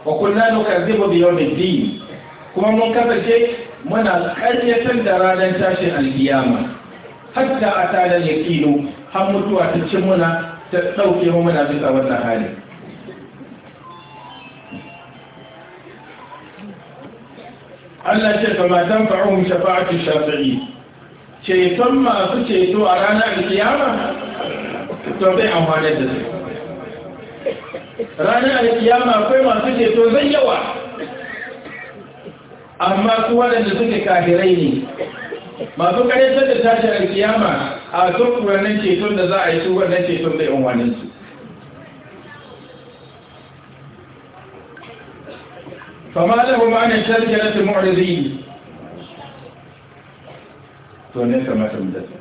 wa kunna na karzibu da yau kuma mun kasance muna ƙaryatar da ranar tashin alkiyama hatta a talar ya kilo har mutuwa ta cin muna ta ɗauke mu muna bisa wannan hali Allah ce fa matan fa'un shafa'atu shafi'i ceton masu ceto a da kiyama to bai amfani da su ranar alkiyama akwai masu ceto zai yawa amma su waɗanda suke kafirai ne masu karyar da tashi a kiyama a sun wannan ceton da za a yi su wannan ceton da yan wani su fama da kuma ne tarke na timorizi to ne kamata mu dasa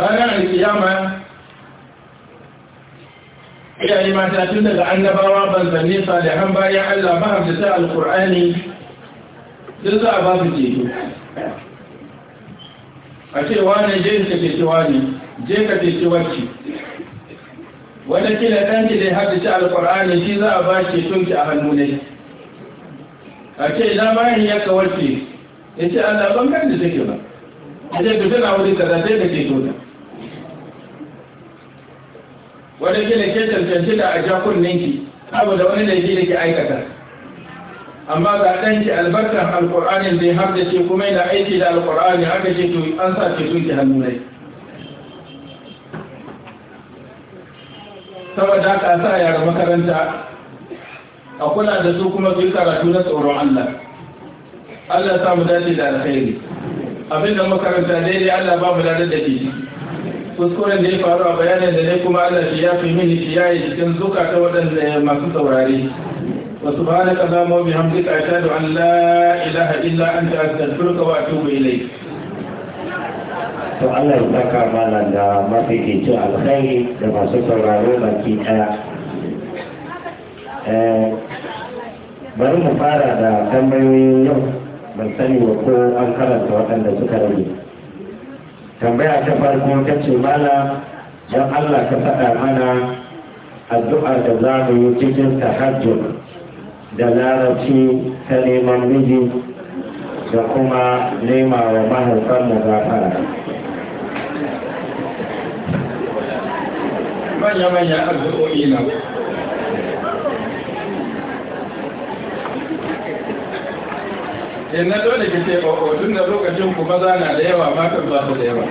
ranar alkiyama iyaye mata tun daga annabawa ban zanne salihan bayan allah mahamdata alkur'ani duk za a ba su ceto a ce wane je ka ceci wane je ka ceci wacce wata kila ɗanki dai haddace alƙur'ani shi za a ba shi cetonki a hannu ne a ce na bayan ya kawarce ya ce allah ban kan da take ba a ce ka tuna wuri kaza sai ka ceto ta wata kila ke cancanci da a jakunninki abu da wani laifi da ke aikata amma ga danki albarkan alƙur'anin zai har da ce kuma yana aiki da alƙur'ani aka ce to an sa ce tunki hannu ne saboda ka sa yara makaranta a da su kuma su karatu na tsoron Allah Allah samu dace da alkhairi abinda makaranta dai-dai Allah ba mu da shi kuskuren da ya faru a bayanin da ne kuma Allah shi ya fi mini shi cikin zuka ta waɗanda masu saurare وسبحانك اللهم وبحمدك أشهد أن لا إله إلا أنت أستغفرك وأتوب إليك to Allah ya saka mana da mafificin alkhairi da masu sauraro baki ɗaya. Eh, bari mu fara da tambayoyin yau ban sani wa ko an karanta waɗanda suka rage tambaya ta farko ta ce mala don Allah ka faɗa mana addu'a da za mu yi cikin tahajjud da larabci ta neman miji da kuma nema wa mahaifar da zafara manya-manyan addu'o'i na yanzu eh, dole ke ce ba oh, oh, tun da lokacin ku maza na da yawa matan ba su da yawa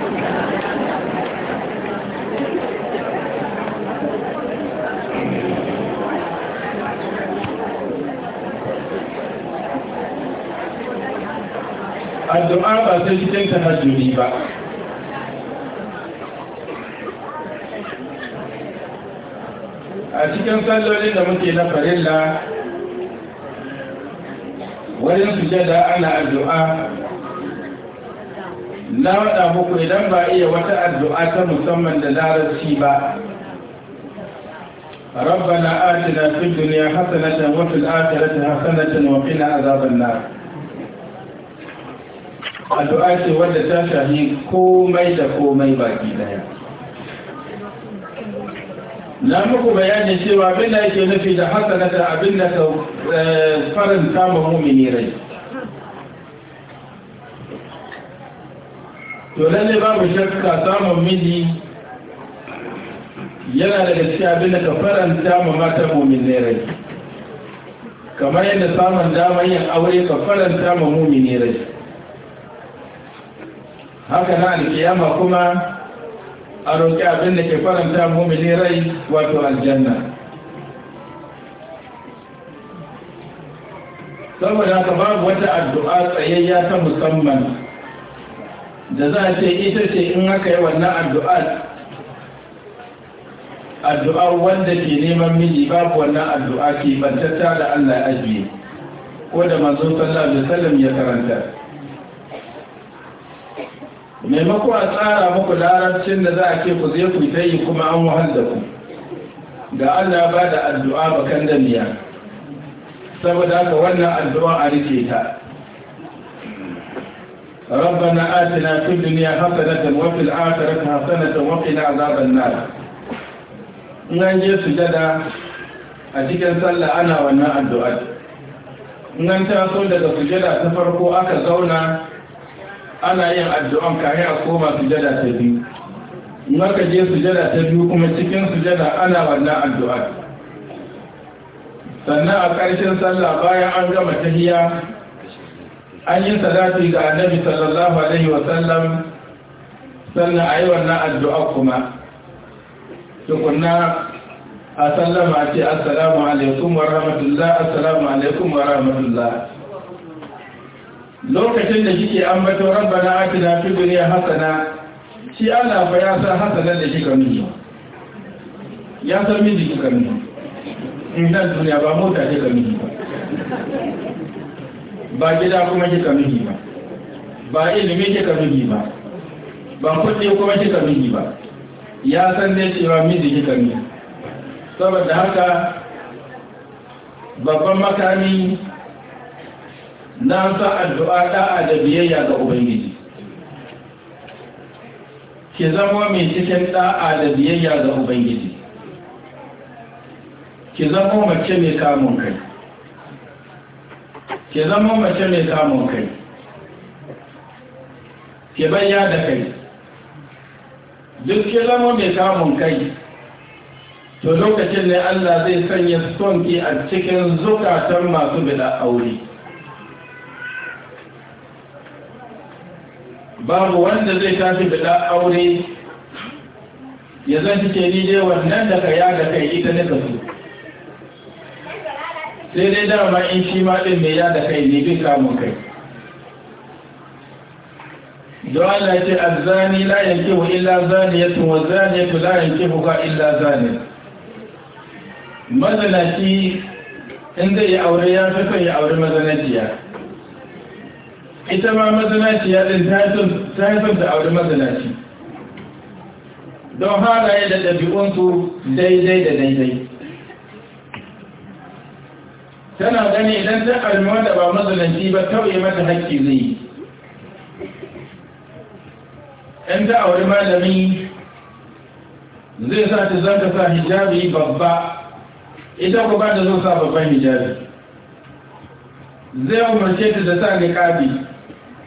addu'a ba ta cikin tahajjudi ba a cikin salloli da muke na farilla wajen sujada ana addu'a na wada muku idan ba iya wata addu'a ta musamman da larabci ba ربنا آتنا في الدنيا حسنة وفي الآخرة حسنة وقنا عذاب النار addu'a ce wadda ta shahi komai da komai baki daya na muku bayani cewa abin da yake nufi da hasana da abin da ka eh, farin samun mumini rai to lalle babu shakka samun miji yana daga gaske abin da ka faranta ma mata mumini rai kamar yadda samun damar yin aure ka faranta ma mumini rai haka na alkiyama kuma a roƙi abin da ke faranta mummini rai wato aljanna saboda haka babu wata addu'a tsayayya ta musamman da za a ce ita ce in aka yi wannan addu'a addu'a wanda ke neman miji babu wannan addu'a ke bantatta da Allah ajiye ko da manzon sallallahu alaihi wasallam ya karanta maimako a tsara muku larabcin da za a ke ku zai ku ta yi kuma an wahal da ku ga Allah ba da addu'a bakan da miya saboda haka wannan addu'a a rike ta ربنا آتنا في الدنيا حسنة وفي الآخرة حسنة وقنا عذاب النار nan je sujada a cikin أنا وأنا wannan addu'ar nan taso daga sujada ta farko ana yin addu'an kare a koma sujada ta biyu in aka je sujada ta biyu kuma cikin sujada ana wannan addu'a sannan a ƙarshen sallah bayan an gama tahiya an yi salati ga annabi sallallahu alaihi wa sallam sannan a yi wannan addu'a kuma tukunna a sallama ce assalamu alaikum wa rahmatullah assalamu alaikum wa rahmatullah lokacin da kike ambaton rabbana atina fi dunya hasana shi Allah fa ya san hasana da kika nuna ya san miji kan nuna in dan duniya ba mota ce kan miji ba ba gida kuma kika miji ba ba ilimi kika miji ba ba kudi kuma kika miji ba ya san ne cewa miji kan miji saboda haka babban makami na sa addu'a da'a da biyayya ga ubangiji ki zama mai cikin da'a da biyayya ga ubangiji ki zama mace mai kamun kai ki zama mace mai kamun kai ki bayya da kai duk ke zama mai kamun kai to lokacin ne Allah zai sanya sonki a cikin zukatan masu bida aure babu wanda zai tafi da aure ya zan cike ni dai wannan da ka yaga kai ita ne ka sai dai dama in shi ma ɗin mai yaga kai ne bin kamun kai don Allah ce azzani la yankihu illa zaniyatun wa zaniyatu la yankihu ka illa zani mazanaci in zai yi aure ya fi son aure aure mazanaciya ita ma mazanaci ya ɗin ta da auri mazinaci don halaye da ɗabi'unsu daidai da daidai tana gani idan ta ƙarfi wanda ba mazanaci ba kawai mata haƙƙi zai yi ta auri malami zai sa ta zanta sa hijabi babba ita ku ba da zo sa babban hijabi zai umarce ta da sa ƙabi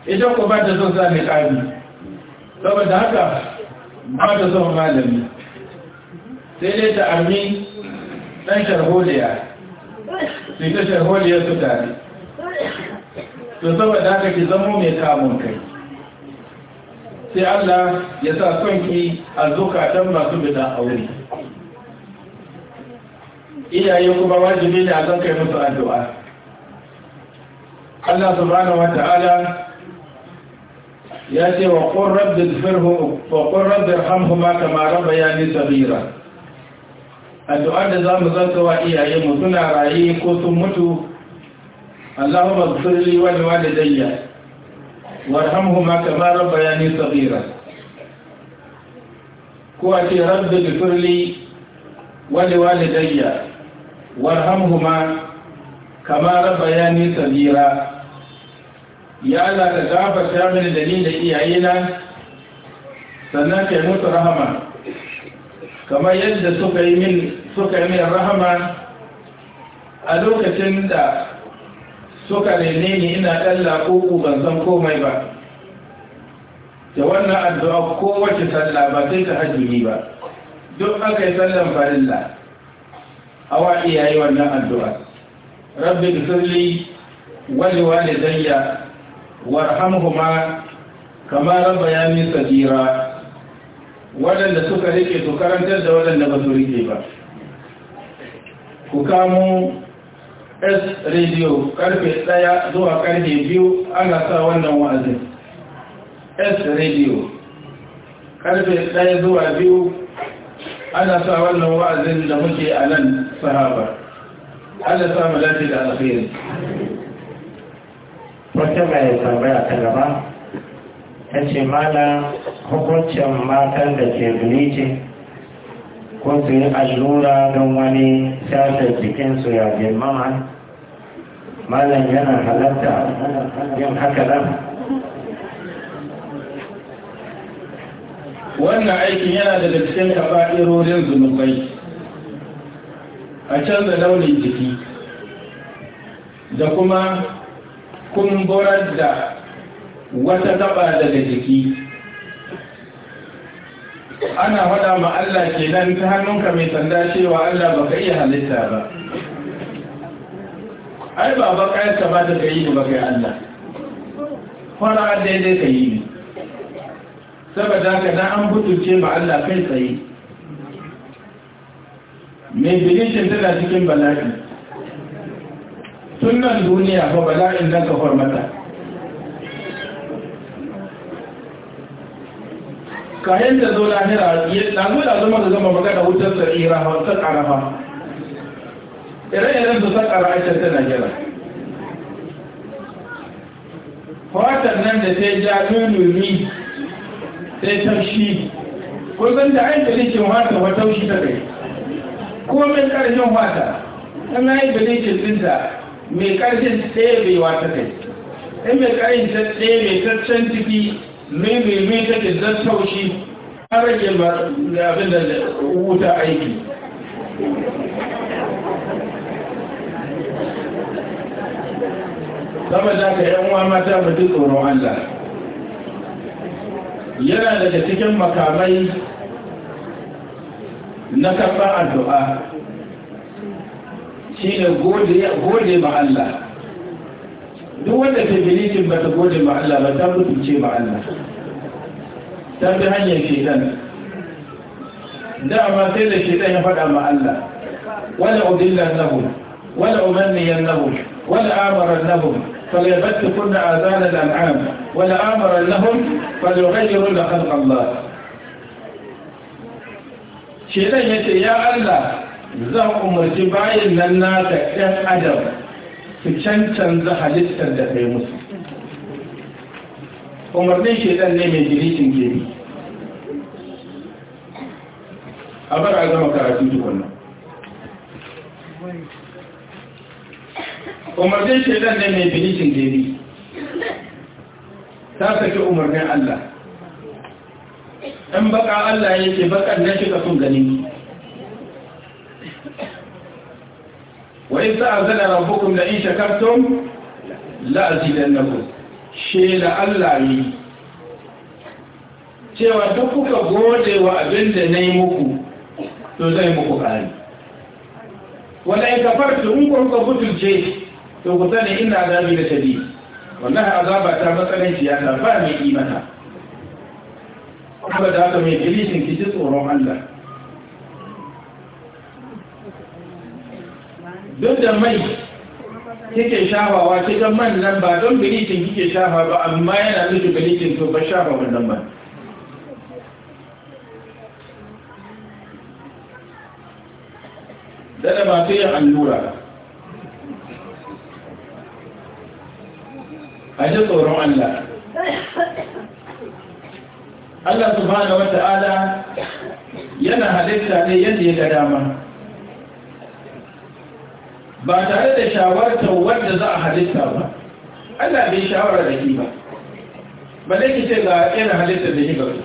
Idan ko ba ta son sa ni ƙari saboda haka ba ta son malami sai dai ta armi ɗan sharholiya su ta sharholiya su tare to saboda haka ki zamo mai kamun kai sai Allah ya sa son ki a zukatan masu bida aure iyaye kuma wajibi ne a zan kai musu addu'a Allah subhanahu wa ta'ala ya ce wa qur rabbi ighfirhu wa qur rabbi irhamhuma kama rabbayani saghira addu'a da zamu zanta wa iyaye mu suna raye ko sun mutu Allahumma wani li wa li walidayya warhamhuma kama rabbayani saghira ko a ce rabbi ighfir li wa li walidayya warhamhuma kama rabbayani saghira ya Allah ka gafarta mini da ni da iyayena sannan kai mutu rahama kamar yadda suka yi min suka yi min rahama a lokacin da suka rene ni ina ɗan laƙoƙo ban san komai ba da wannan addu'a kowace sallah ba sai ta hajjuni ba duk aka yi sallan farilla awa iyaye wannan addu'a rabbi wani wani walidayya warhamhuma kama rabbayani sagira waɗanda suka rike su karantar da waɗanda ba su rike ba ku kamo s radio karfe ɗaya zuwa karfe biyu ana sa wannan wa'azin s radio karfe ɗaya zuwa biyu ana sa wannan wa'azin da muke a nan sahaba ana samu lafi da alkhairi wata mai tambaya ta gaba ta ce mana hukuncin matan da ke bilici ko su yi allura don wani sashen jikinsu ya girmama malam yana halatta yin haka nan wannan aikin yana daga cikin kafa'irorin zunubai a canza launin jiki da kuma kumburar da wata taba daga jiki ana wada ma Allah ke nan ta hannunka mai sanda cewa Allah baka iya halitta ba ai ba bakayarka ba da kai da baka Allah fara daidai ka yi ne saboda ka na an butuce ma Allah kai tsaye mai bilishin tana cikin bala'i tun nan duniya ba bala'in na ka mata kayan da zo lahira ya zo da zama da zama magana wutar ba ta ba ire-iren su ta ƙara aikin ta najira fatan nan da ta ja lulumi sai taushi kusan da aiki rikin wata wata taushi ta kai mai ƙarshen wata ɗan da rikin dinta mai ƙarfin tsebewa wata kai ɗan mai karfin ɗaya mai ta ciki mai mai mai ta ke zan taushi an rage ba da abin da wuta aiki zama za ka yan uwa mata mutu tsoron Allah yana daga cikin makamai na kafa addu'a شيء قول لي قول لي مع الله دو وانا تبليك ما تقول مع الله ما تقول تبشي مع الله تابي هني شيطان الشيطان يفعل مع الله ولا أدل له ولا أمني له ولا آمر له فليبت كنا آذان الأنعام ولا آمر لهم فليغيروا لخلق الله شيطان يتي يا الله zan umarci bayan nan na da ɗan adam su cancanza halittar da kai musu umarnin shaidan ne mai girishin gini a bar a zama karatu tukunan umarnin shaidan ne mai girishin gini ta saki umarnin allah ɗan baka allah yake bakan na shiga sun gani وإن تأذن ربكم لئن شكرتم لأزيدنكم Allah الله cewa duk kuka gode wa abin da na yi muku to zai muku ƙari wanda in kafar su in butulce to ku sani ina azabi da shadi wannan azaba ta matsalanciya siyasa ba mai imata kuma da haka mai bilisin kici tsoron Allah duk da mai kike shafawa cikin man nan ba don bilicin kike shafa ba amma yana nufin bilicin to ba shafa wannan man dada masu yin allura a ji tsoron Allah Allah subhanahu wa ta'ala yana halitta ne yadda ya ga dama ba tare da shawartar wanda za a halitta ba Allah bai shawara da ki ba ba dai ki ce ga irin halittar da kika so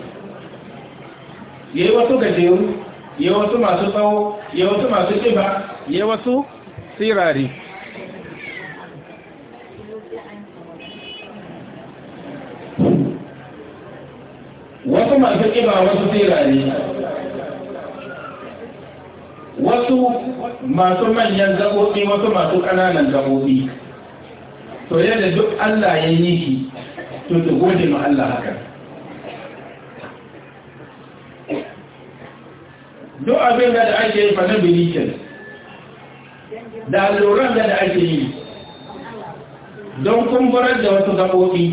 yayi wasu gajeru ya wasu masu tsawo ya wasu masu kiba ya wasu sirari wasu masu kiba wasu sirari wasu masu manyan gaɓoɓi wasu masu ƙananan gaɓoɓi to yadda duk Allah ya yi shi to ta gode ma Allah haka duk abin da ake yi fana bilikin da alluran da ake yi don kumburar da wasu gaɓoɓi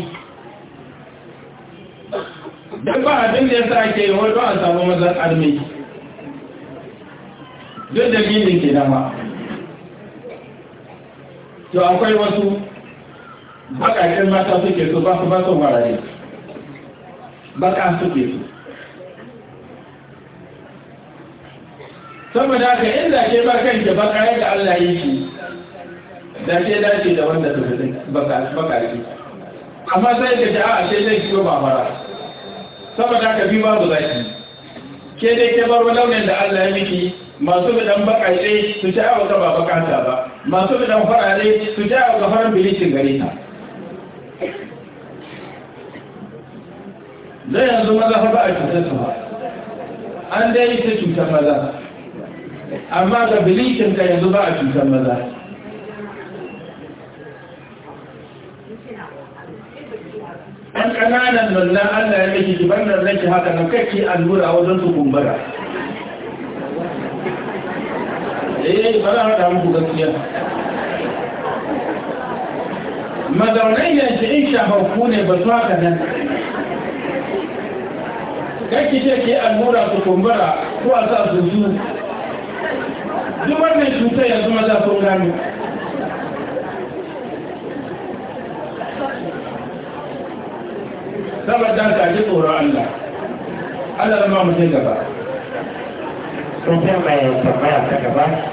don ba abin da ya sa ake yi wani an a samu mazan armi. duk dalilin ke dama to akwai wasu bakakin mata suke su ba su ba su warare baka suke su saboda haka za ke ba kanke baka yadda Allah yi shi da ke dace da wanda su baka shi amma sai ka ja'a a shi ba fara saboda haka bi babu zaki ke dai ke bar wadannan da Allah ya miki masu bidan bakace su ta awa ba bakata ba masu bidan farare su ta awa farin bilicin gari ta zai yanzu maza haɓa a cutar su ba an dai ta cutar maza amma ga bilicin ka yanzu ba a cutar maza an ƙananan nan Allah ya ban ki zai ke haka nan kake allura wajen su kumbura eh ba za haɗa muku gaskiya mazaunai yanzu in shafaffu ne ba su haka nan kake ce ke allura su kumbura ko a sa su su duk wannan cutar yanzu maza sun gano saboda ka ji tsoron Allah Allah ba mu je gaba sun mai tambaya ta gaba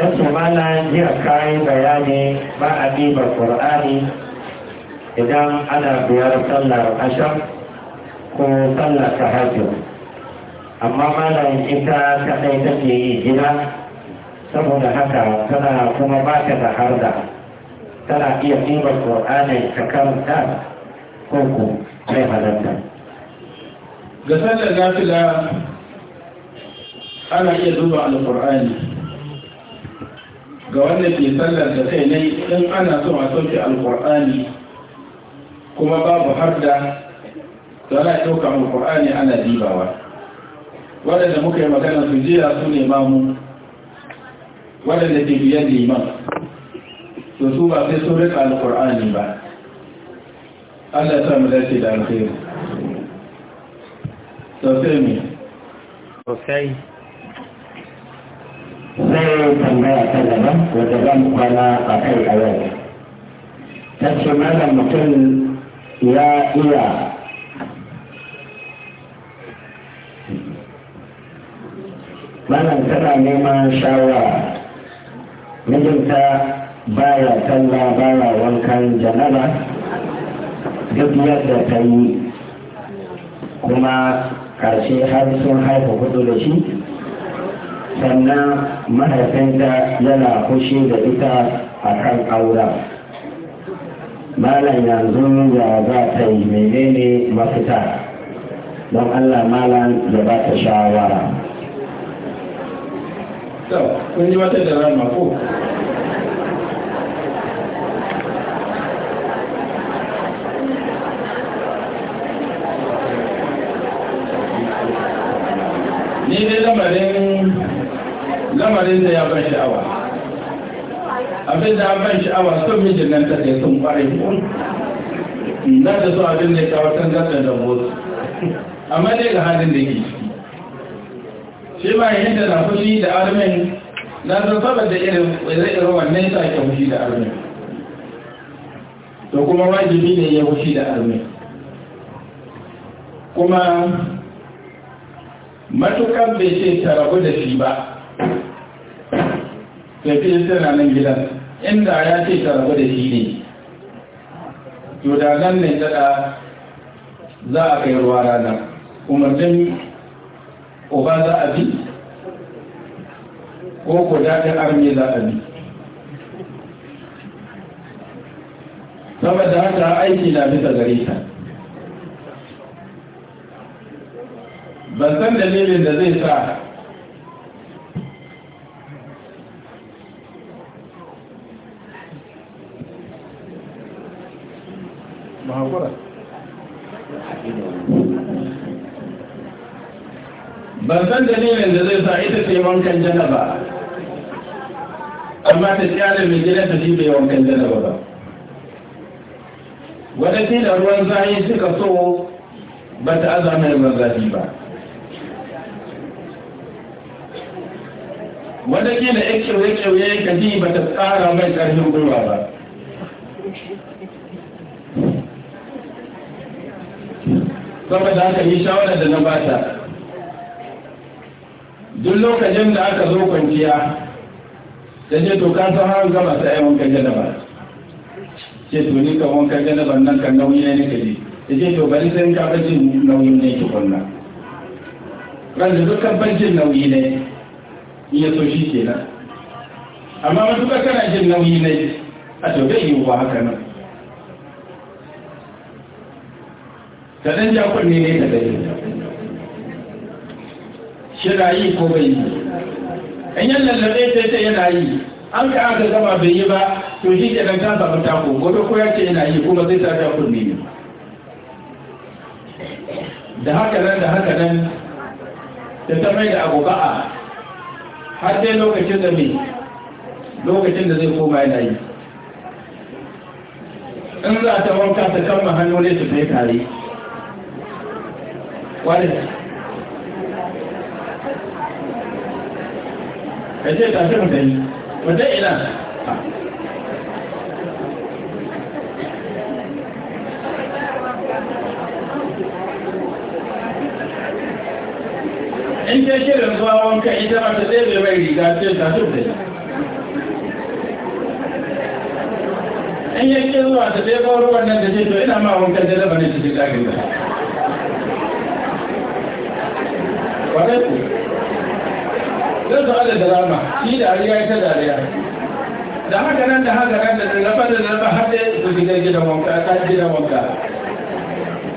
kasu mala jiya kayan bayani ba a ɗiba ƙur'ani idan ana biyar sallar ashar ko sallar tahajjud amma malam ita kaɗai take yi gida saboda haka tana kuma ba ta da harda tana iya ɗiba ƙur'ani ta karanta ko ku mai halatta ga sallar nafila ana iya duba alƙur'ani ga wanda ke sallar kai ne in ana so a sauke alkur'ani kuma babu har da zana ɗauka alkur'ani ana dibawa waɗanda muka yi magana su jiya su ne mamu waɗanda ke biyan liman su su ba sai sun rika alkur'ani ba Allah ta mu dace da alkhairu sosai ne sosai Zai tambaya ta gaba wadda zan kwana a kai a yau ta ce mana mutum ya iya malam tana neman shawara mijinta baya talla baya wankan janaba duk yadda ta yi kuma ƙarshe har sun haifa hudu da shi sannan mahaifinta yana fushi da ita a kan aura malam yanzu ya za ta yi menene mafita don allah malam ya ba ta shawara kun yi wata da ko asalin da ya ban sha'awa abin da ban sha'awa sun mijin nan ta ne sun fara kun na da su abin da ya kawo tangarda da motsi amma dai ga halin da ke ciki shi ba yin da na fushi da armin na saba da irin irin wannan ta ke fushi da armin to kuma wajibi ne ya fushi da armin kuma matukan bai ce ta rabu da shi ba tafi tana nan gidan inda ya ce ta rabu da shi ne to da nan ne tada za a kai ruwa rana kuma don uba za a bi ko ko daɗin arme za a bi saboda haka aiki na bisa gare ta ban san dalilin da zai sa ban san dalilin da zai sa ita ce wankan janaba amma ta kyale mai gina ta shi bai wankan janaba ba da ruwan zahi suka so ba ta aza mai ba. zafi ba wadatila ya kyauye-kyauye ka ji ba ta tsara mai ƙarfin gwiwa ba saboda haka yi shawarar da na bata duk lokacin da aka zo kwanciya ta je to ka san har gaba ta yi wankan janaba ce to ni ka wankan janaba nan kan nauyi ne ka ji ta ce to bari sai ka bacci nauyi ne ki kwanna ran da dukkan baccin nauyi ne iya so shi kenan amma wasu ba kana jin nauyi ne a to bai yi wa haka nan ta dan jakon ne ne ta dai yana yi ko bai yi in yan lallabe sai sai yana yi an ka aka gaba bai yi ba to shi ke ta samu tako gobe ko ya ce yana yi kuma zai ta tako ne da haka nan da haka nan da ta mai da abu ba'a har dai lokacin da mai lokacin da zai koma yana yi in za ta wanka ta kama hannu ne su kai tare wadda ka ce tashi mu gani wata ina in ta shirin zuwa wanka ita mata zai bai mai riga ce tashi mu gani in yi ke zuwa ta ɗaya ba ruwan nan da ina ma da zan su ala drama shi da ariya ita dariya da haka nan da haka nan da raba da raba har da su shiga gidan wanka ta gidan wanka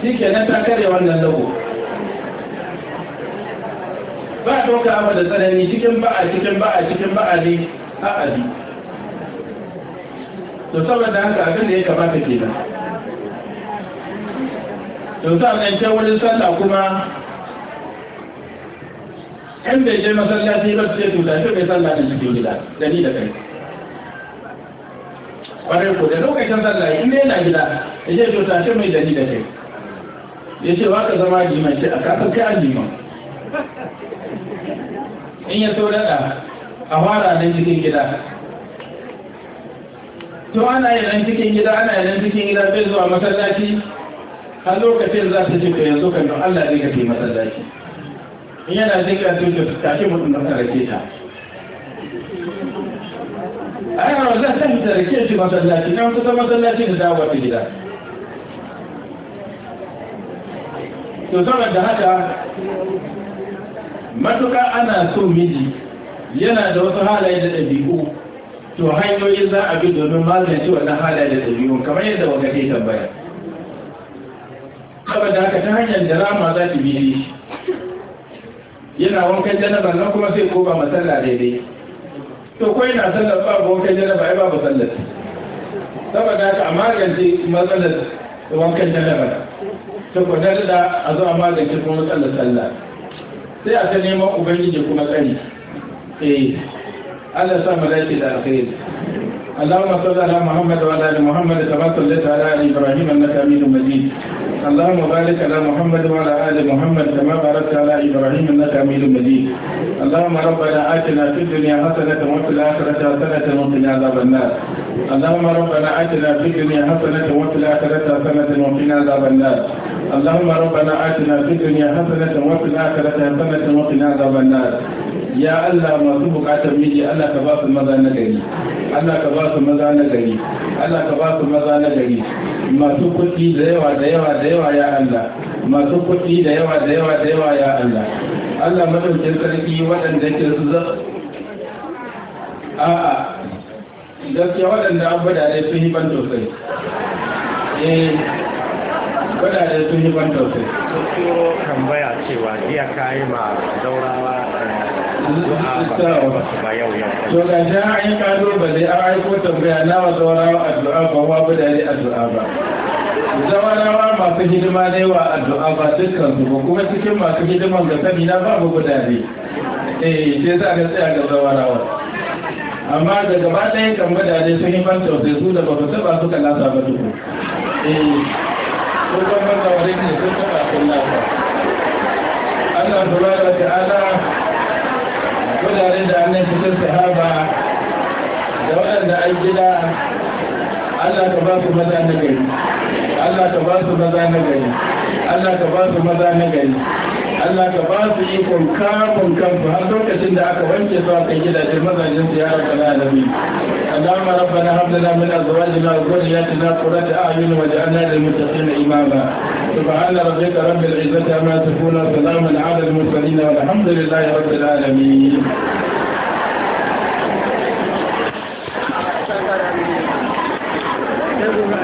shi ke nan ta karya wannan lagu ba a ɗauka abu da tsanani cikin ba'a cikin ba'a cikin ba'a ne a abi to saboda haka abin da ya kamata ke nan. yanzu a nan wurin sallah kuma in bai je masallaci ba su ce tuta shi bai sallah da cikin gida da ni da kai kwarai ko da lokacin sallah in dai yana gida ya ce tuta shi ce mai da ni da kai ya ce ba ka zama liman ce a kafin kai an liman in ya so daɗa a fara nan cikin gida to ana yi nan cikin gida ana yi nan cikin gida bai zuwa masallaci har lokacin za su ce ko yanzu kan don Allah zai ka masallaci in yana zikira sun da tashi mutum da rake ta a yi hawa zan san sarake shi masallaci na kusa masallaci da dawo ta gida to da haka matuka ana so miji yana da wasu halaye da ɗabi'u to hanyoyin za a bi domin magance wannan halaye da ɗabi'u kamar yadda wanda ke tambaya saboda haka ta hanyar da rama za ta bi yana wankan janaba nan kuma sai ko ba masalla daidai to ko yana sallar ba wankan janaba ai babu sallar saboda haka a magance matsalar wankan janaba to ko da a zo a magance kuma matsalar sallah sai a ta neman ubangiji kuma tsari eh Allah sa mu dace da alheri اللهم صل على محمد وعلى ال محمد كما صليت على ال ابراهيم انك حميد مجيد اللهم بارك على محمد وعلى ال محمد كما باركت على ابراهيم انك حميد مجيد اللهم ربنا اتنا في الدنيا حسنه وفي الاخره حسنه وقنا عذاب النار اللهم ربنا اتنا في الدنيا حسنه وفي الاخره حسنه وقنا عذاب النار اللهم ربنا اتنا في الدنيا حسنه وفي الاخره حسنه وقنا عذاب النار ya Allah masu bukatar miji Allah ka ba su maza na gari Allah ka ba su maza na gari Allah ka ba su maza na gari masu kuɗi da yawa da yawa da yawa ya Allah masu kuɗi da yawa da yawa da yawa ya Allah Allah madaukin sarki waɗanda ke su za a'a gaskiya waɗanda an bada ne sun yi ban tausayi eh bada ne sun yi ban tausayi sun tambaya cewa jiya yi ma daurawa to ga yi an ba zai an aiko tambaya na wa zaurawa addu'a ba wa budare addu'a ba zaurawa masu hidima ne wa addu'a ba dukkan su ba kuma cikin masu hidiman ga sani na babu budare eh sai za ka tsaya ga zaurawa amma da gaba ɗaya kan budare sun yi ban tausayi su da ba su taba suka lasa ba duku eh ko ban ban da wani ne sun taɓa sun lasa Allah subhanahu da ta'ala wurare da annabi sahaba da waɗanda ayi gida Allah ka ba su maza na gari Allah ka ba su maza na gari Allah ka ba su maza na gari Allah ka ba su ikon kafin kansu har lokacin da aka wanke su a kan gidajen mazajen su ya rabu na alamin اللهم ربنا هب لنا من ازواجنا وذرياتنا قرة اعين واجعلنا للمتقين اماما سبحان ربك رب amma عما يصفون وسلام على المرسلين والحمد لله رب العالمين Never right.